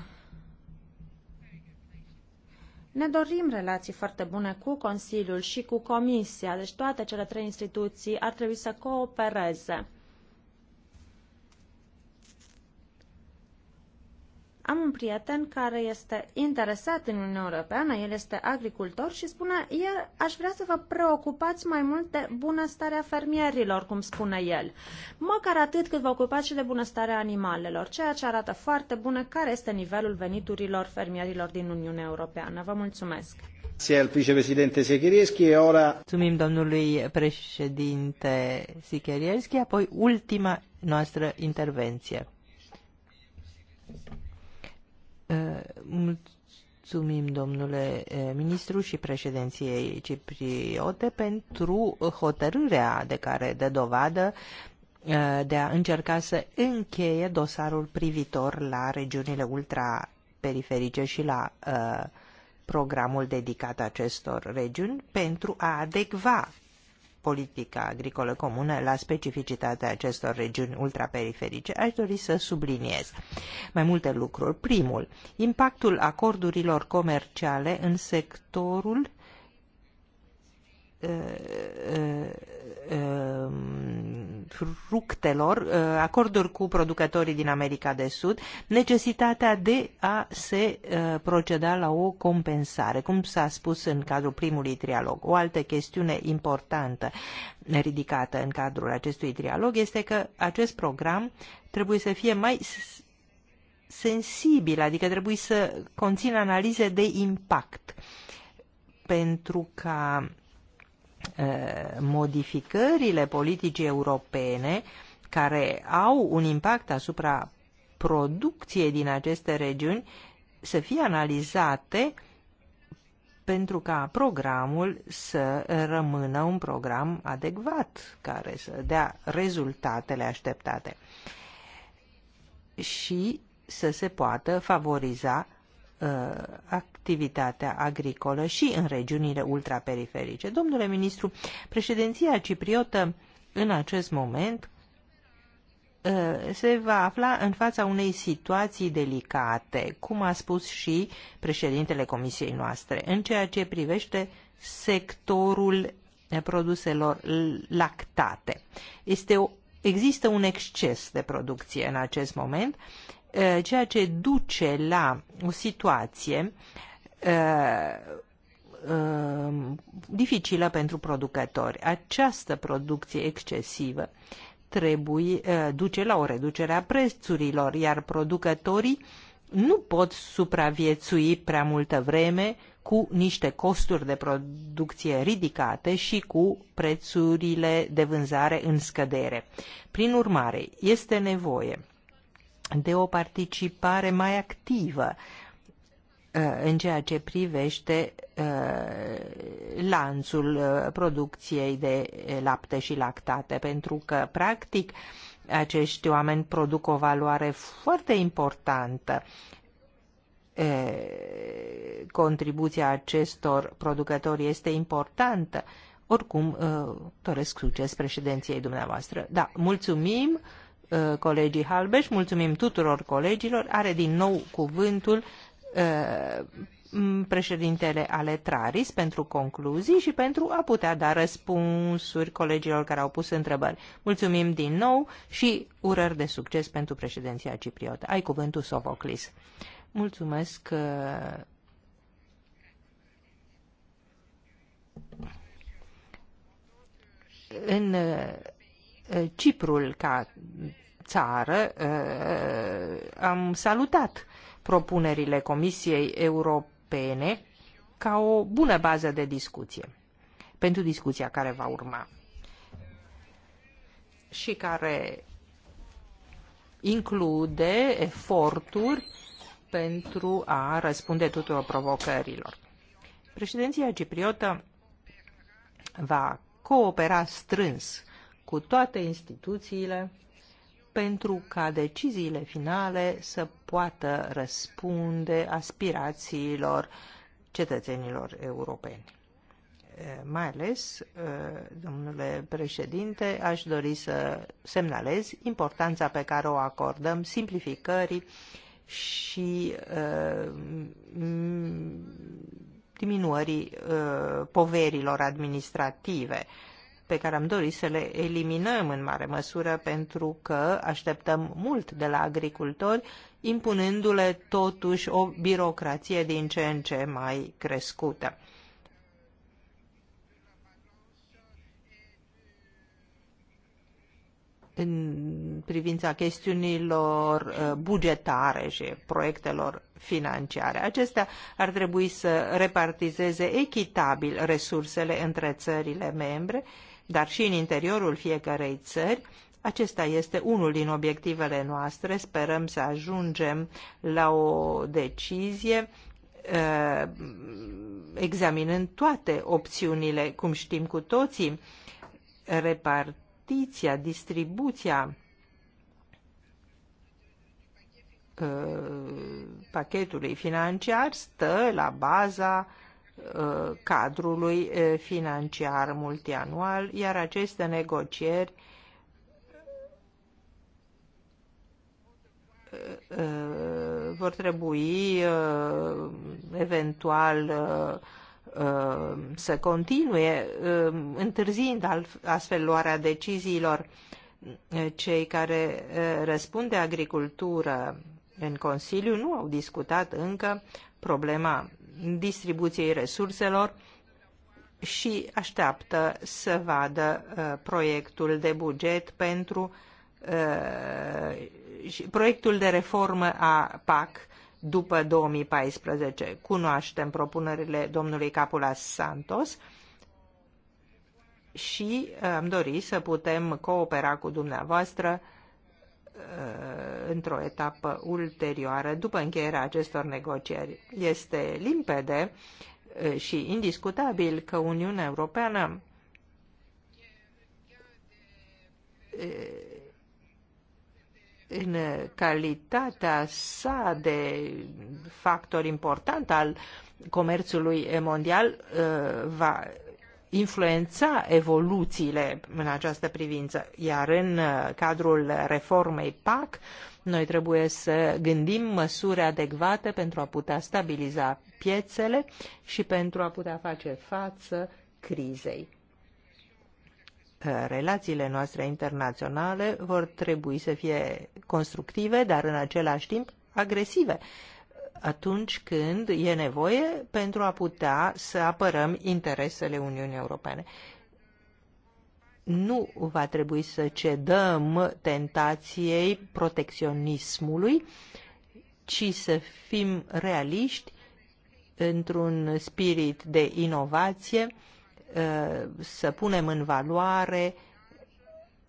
Speaker 3: Ne dorim relații foarte bune cu Consiliul și cu Comisia, deci toate cele trei instituții ar trebui să coopereze. Am un prieten care este interesat în Uniunea Europeană, el este agricultor și spune, el aș vrea să vă preocupați mai mult de bunăstarea fermierilor, cum spune el. Măcar atât cât vă ocupați și de bunăstarea animalelor, ceea ce arată foarte bună care este nivelul veniturilor fermierilor din Uniunea Europeană. Vă
Speaker 2: mulțumesc! vicepreședinte Mulțumim domnului președinte Secherieschi, apoi ultima noastră intervenție. Mulțumim, domnule eh, ministru și președinției cipriote, pentru hotărârea de care dă dovadă eh, de a încerca să încheie dosarul privitor la regiunile ultraperiferice și la eh, programul dedicat acestor regiuni pentru a adecva politica agricolă comună la specificitatea acestor regiuni ultraperiferice, aș dori să subliniez mai multe lucruri. Primul, impactul acordurilor comerciale în sectorul Uh, uh, um, fructelor, uh, acorduri cu producătorii din America de Sud, necesitatea de a se proceda la o compensare, cum s-a spus în cadrul primului trialog. O altă chestiune importantă ridicată în cadrul acestui trialog este că acest program trebuie să fie mai sensibil, adică trebuie să conțină analize de impact pentru ca Eh, modificările politicii europene care au un impact asupra producției din aceste regiuni să fie analizate pentru ca programul să rămână un program adecvat care să dea rezultatele așteptate și să se poată favoriza Uh, activitatea agricolă și în regiunile ultraperiferice. Domnule ministru, președinția cipriotă în acest moment uh, se va afla în fața unei situații delicate, cum a spus și președintele comisiei noastre, în ceea ce privește sectorul produselor lactate. Este o, există un exces de producție în acest moment Eh, ceea ce duce la o situație eh, eh, dificilă pentru producători. Această producție excesivă trebuie duce la o reducere a prețurilor, iar producătorii nu pot supraviețui prea multă vreme cu niște costuri de producție ridicate și cu prețurile de vânzare în scădere. Prin urmare, este nevoie de o participare mai activă uh, în ceea ce privește uh, lanțul uh, producției de lapte și lactate, pentru că, practic, acești oameni produc o valoare foarte importantă. Contribuția acestor producători este importantă. Oricum, doresc succes președinției dumneavoastră. Da, mulțumim! Uh, colegii Halbeș, mulțumim tuturor colegilor, are din nou cuvântul uh, președintele ale Traris pentru concluzii și pentru a putea da răspunsuri colegilor care au pus întrebări. Mulțumim din nou și urări de succes pentru președinția cipriotă. Ai cuvântul, Sofoclis. Mulțumesc. Uh, în Eh, Ciprul ca țară, eh, am salutat propunerile Comisiei Europene ca o bună bază de discuție pentru discuția care va urma și care include eforturi pentru a răspunde tuturor provocărilor. Președinția cipriotă va coopera strâns cu toate instituțiile pentru ca deciziile finale să poată răspunde aspirațiilor cetățenilor europeni. Mai ales, domnule președinte, aș dori să semnalez importanța pe care o acordăm simplificării și diminuării poverilor administrative pe care am dorit să le eliminăm în mare măsură pentru că așteptăm mult de la agricultori, impunându-le totuși o birocrație din ce în ce mai crescută. în privința chestiunilor uh, bugetare și proiectelor financiare. Acestea ar trebui să repartizeze echitabil resursele între țările membre dar și în interiorul fiecarei țări. Acesta este unul din obiectivele noastre. Sperăm să ajungem la o decizie ă, examinând toate opțiunile, cum știm cu toții, repartiția, distribuția ă, pachetului financiar stă la baza uh, Uh, cadrului uh, financiar multianual, iar aceste negocieri uh, vor trebui eventual să continue, întârziind astfel luarea deciziilor. Cei care răspund de agricultură în Consiliu nu au discutat încă problema distribuției resurselor și așteaptă să vadă uh, proiectul de buget pentru uh, proiectul de reformă a PAC după 2014. Cunoaștem propunerile domnului Capulas Santos și uh, am dori să putem coopera cu dumneavoastră uh, Uh, într-o etapă ulterioară după încheierea acestor negocieri. Este limpede uh, și indiscutabil că Uniunea Europeană uh, în calitatea sa de factor important al comerțului mondial va influența evoluțiile în această privință. Iar în uh, cadrul reformei PAC, noi trebuie să gândim măsuri adecvate pentru a putea stabiliza piețele și pentru a putea face față crizei. Uh, relațiile noastre internaționale vor trebui să fie constructive, dar în același timp agresive atunci când e nevoie pentru a putea să apărăm interesele Uniunii Europene. Nu va trebui să cedăm tentației protecționismului, ci să fim realiști într-un spirit de inovație, uh, să punem în valoare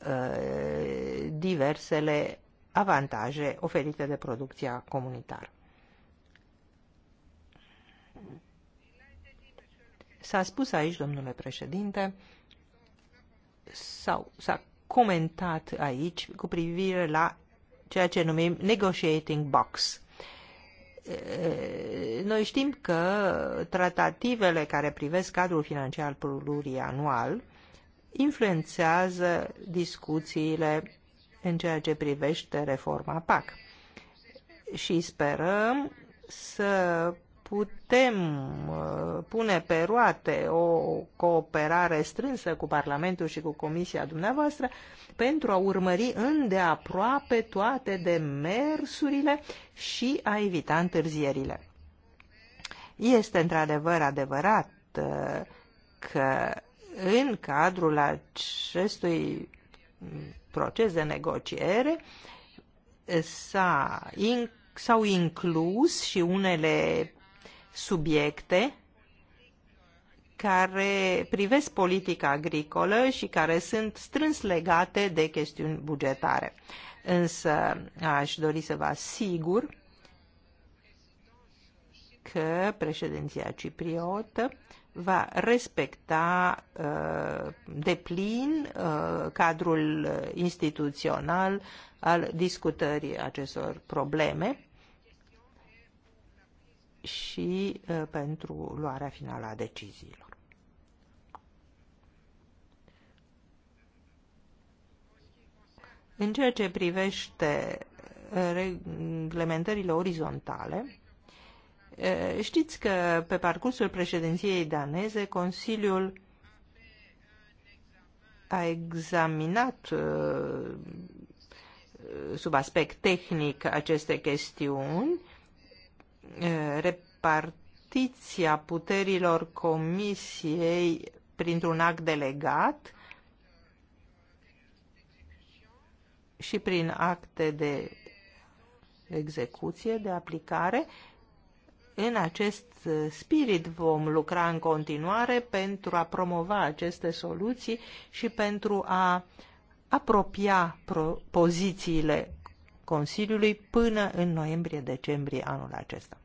Speaker 2: uh, diversele avantaje oferite de producția comunitară. S-a spus aici, domnule președinte, sau s-a comentat aici cu privire la ceea ce numim negotiating box. Noi știm că tratativele care privesc cadrul financiar plurianual influențează discuțiile în ceea ce privește reforma PAC. Și sperăm să putem uh, pune pe roate o cooperare strânsă cu Parlamentul și cu Comisia dumneavoastră pentru a urmări îndeaproape toate demersurile și a evita întârzierile. Este într-adevăr adevărat uh, că în cadrul acestui proces de negociere s-au inclus și unele subiecte care privesc politica agricolă și care sunt strâns legate de chestiuni bugetare. Însă aș dori să vă asigur că președinția cipriotă va respecta uh, de plin uh, cadrul instituțional al discutării acestor probleme și uh, pentru luarea finală a deciziilor. În ceea ce privește uh, reglementările orizontale, uh, știți că pe parcursul președinției daneze, Consiliul a examinat sub aspect tehnic aceste chestiuni repartiția puterilor comisiei printr-un act delegat și prin acte de execuție, de aplicare. În acest spirit vom lucra în continuare pentru a promova aceste soluții și pentru a apropia pozițiile Consiliului până în noiembrie-decembrie anul acesta.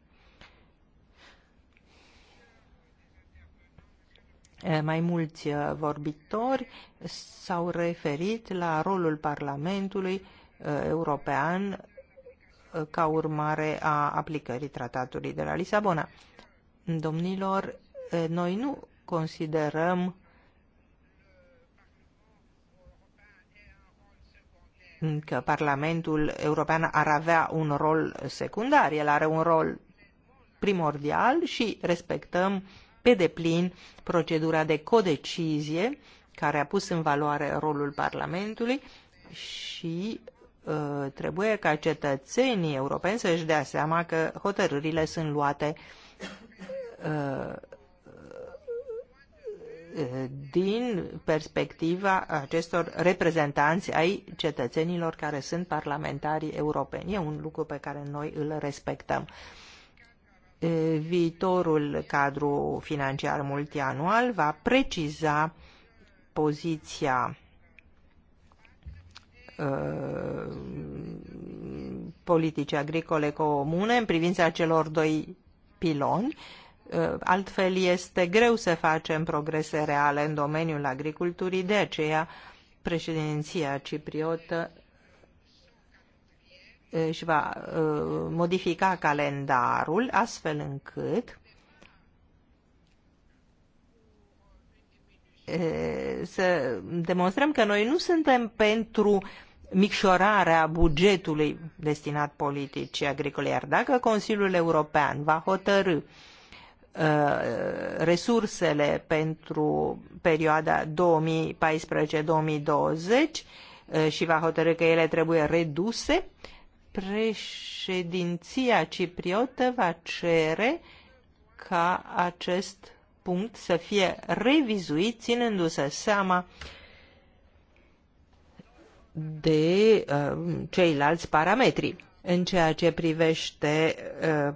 Speaker 2: Mai mulți vorbitori s-au referit la rolul Parlamentului European ca urmare a aplicării tratatului de la Lisabona. Domnilor, noi nu considerăm că Parlamentul European ar avea un rol secundar, el are un rol primordial și respectăm pe deplin procedura de codecizie care a pus în valoare rolul Parlamentului și uh, trebuie ca cetățenii europeni să-și dea seama că hotărârile sunt luate uh, din perspectiva acestor reprezentanți ai cetățenilor care sunt parlamentarii europeni. E un lucru pe care noi îl respectăm. Viitorul cadru financiar multianual va preciza poziția politice agricole comune în privința celor doi piloni uh, Eh, altfel este greu să facem progrese reale în domeniul agriculturii, de aceea președinția cipriotă eh, își va eh, modifica calendarul astfel încât să demonstrăm că noi nu suntem pentru micșorarea bugetului destinat politicii agricole, iar dacă Consiliul European va hotărî Uh, resursele pentru perioada 2014-2020 uh, și va hotărâ că ele trebuie reduse, președinția cipriotă va cere ca acest punct să fie revizuit, ținându-se seama de uh, ceilalți parametri. În ceea ce privește uh,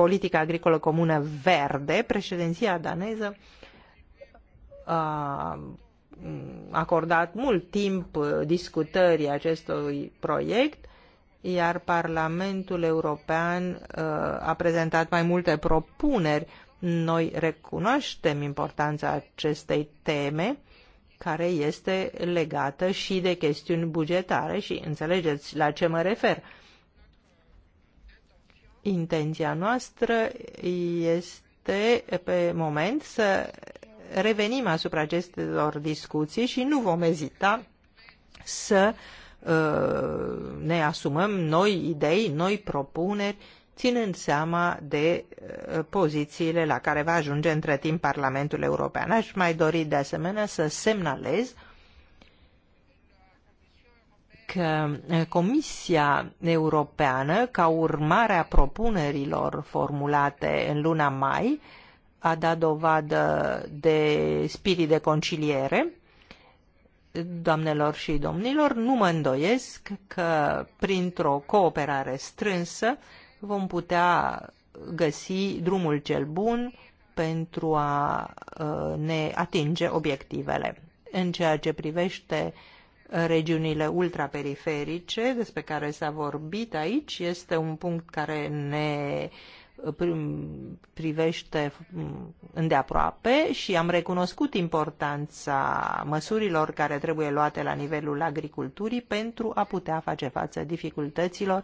Speaker 2: politica agricolă comună verde, președinția daneză a mm, acordat mult timp uh, discutării acestui proiect, iar Parlamentul European uh, a prezentat mai multe propuneri. Noi recunoaștem importanța acestei teme, care este legată și de chestiuni bugetare și înțelegeți la ce mă refer Intenția noastră este, pe moment, să revenim asupra acestor discuții și nu vom ezita să uh, ne asumăm noi idei, noi propuneri, ținând seama de uh, pozițiile la care va ajunge între timp Parlamentul European. Aș mai dori de asemenea să semnalez uh, Comisia Europeană, ca urmare a propunerilor formulate în luna mai, a dat dovadă de spirit de conciliere. Doamnelor și domnilor, nu mă îndoiesc că printr-o cooperare strânsă vom putea găsi drumul cel bun pentru a ne atinge obiectivele. În ceea ce privește uh, regiunile ultraperiferice despre care s-a vorbit aici. Este un punct care ne uh, privește mm, îndeaproape și am recunoscut importanța măsurilor care trebuie luate la nivelul agriculturii pentru a putea face față dificultăților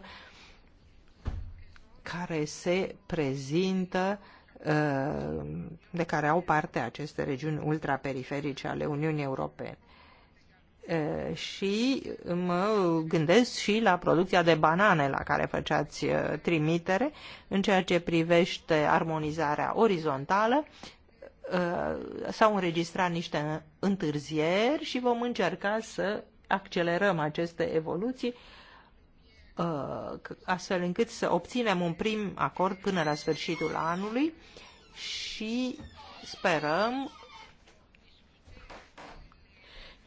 Speaker 2: care se prezintă uh, de care au parte aceste regiuni ultraperiferice ale Uniunii Europene. Eh, și mă gândesc și la producția de banane la care făceați eh, trimitere în ceea ce privește armonizarea orizontală eh, s-au înregistrat niște întârzieri și vom încerca să accelerăm aceste evoluții astfel încât să obținem un prim acord până la sfârșitul anului și sperăm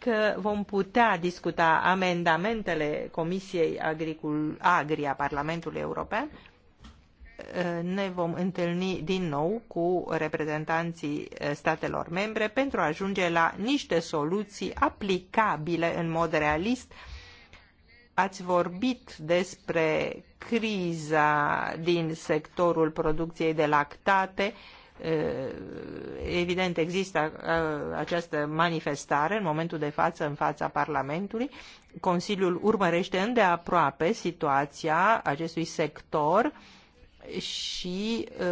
Speaker 2: că vom putea discuta amendamentele Comisiei Agricul, Agri a Parlamentului European, ne vom întâlni din nou cu reprezentanții eh, statelor membre pentru a ajunge la niște soluții aplicabile în mod realist. Ați vorbit despre criza din sectorul producției de lactate, uh, Eh, evident, există eh, această manifestare în momentul de față, în fața Parlamentului. Consiliul urmărește îndeaproape situația acestui sector și eh,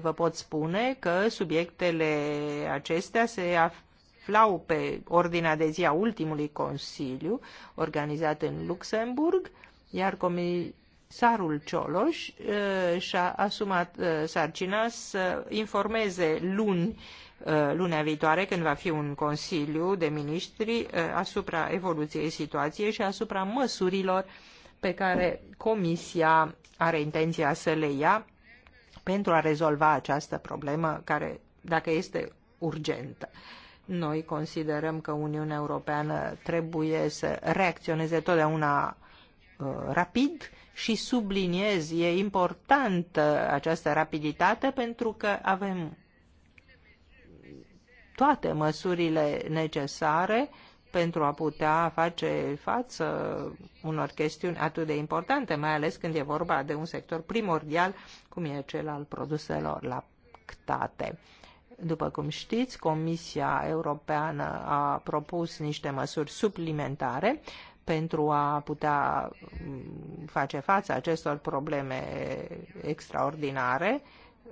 Speaker 2: vă pot spune că subiectele acestea se aflau pe ordinea de zi a ultimului Consiliu organizat în Luxemburg, iar Comisia Sarul Cioloș uh, și-a asumat uh, sarcina să informeze luni uh, lunea viitoare, când va fi un Consiliu de Ministri, asupra evoluției situației și asupra măsurilor pe care Comisia are intenția să le ia pentru a rezolva această problemă care, dacă este urgentă. Noi considerăm că Uniunea Europeană trebuie să reacționeze totdeauna rapid și subliniez, e importantă această rapiditate pentru că avem toate măsurile necesare pentru a putea face față unor chestiuni atât de importante, mai ales când e vorba de un sector primordial, cum e cel al produselor lactate. După cum știți, Comisia Europeană a propus niște măsuri suplimentare pentru a putea mm, face față acestor probleme extraordinare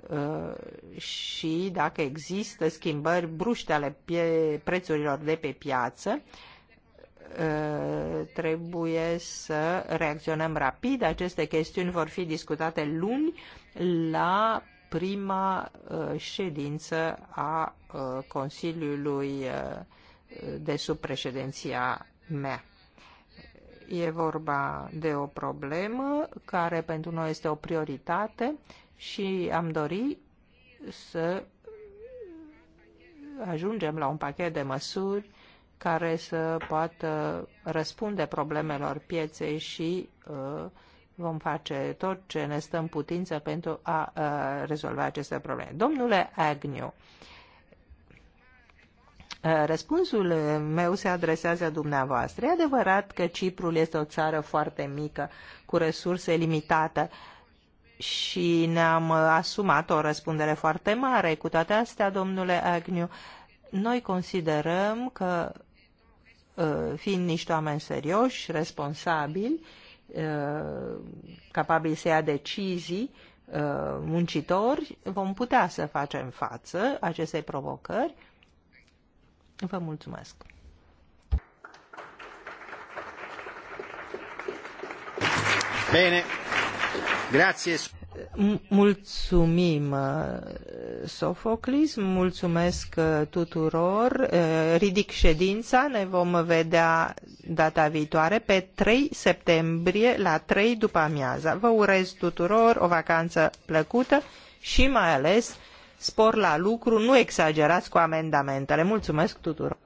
Speaker 2: uh, și dacă există schimbări bruște ale prețurilor de pe piață, uh, trebuie să reacționăm rapid. Aceste chestiuni vor fi discutate luni la prima uh, ședință a Consiliului de sub președinția mea. E vorba de o problemă care pentru noi este o prioritate și am dori să ajungem la un pachet de măsuri care să poată răspunde problemelor pieței și uh, vom face tot ce ne stă în putință pentru a uh, rezolva aceste probleme. Domnule Agnew, uh, Eh, răspunsul meu se adresează dumneavoastră. E adevărat că Ciprul este o țară foarte mică, cu resurse limitate și ne-am asumat o răspundere foarte mare. Cu toate astea, domnule Agniu, noi considerăm că, eh, fiind niște oameni serioși, responsabili, eh, capabili să ia decizii, muncitori, vom putea să facem față acestei provocări Vă mulțumesc! Bine. Mulțumim, uh, Sofoclis, mulțumesc uh, tuturor. Uh, ridic ședința, ne vom vedea data viitoare pe 3 septembrie la 3 după amiaza. Vă urez tuturor o vacanță plăcută și mai ales spor la lucru, nu exagerați cu amendamentele. Mulțumesc tuturor!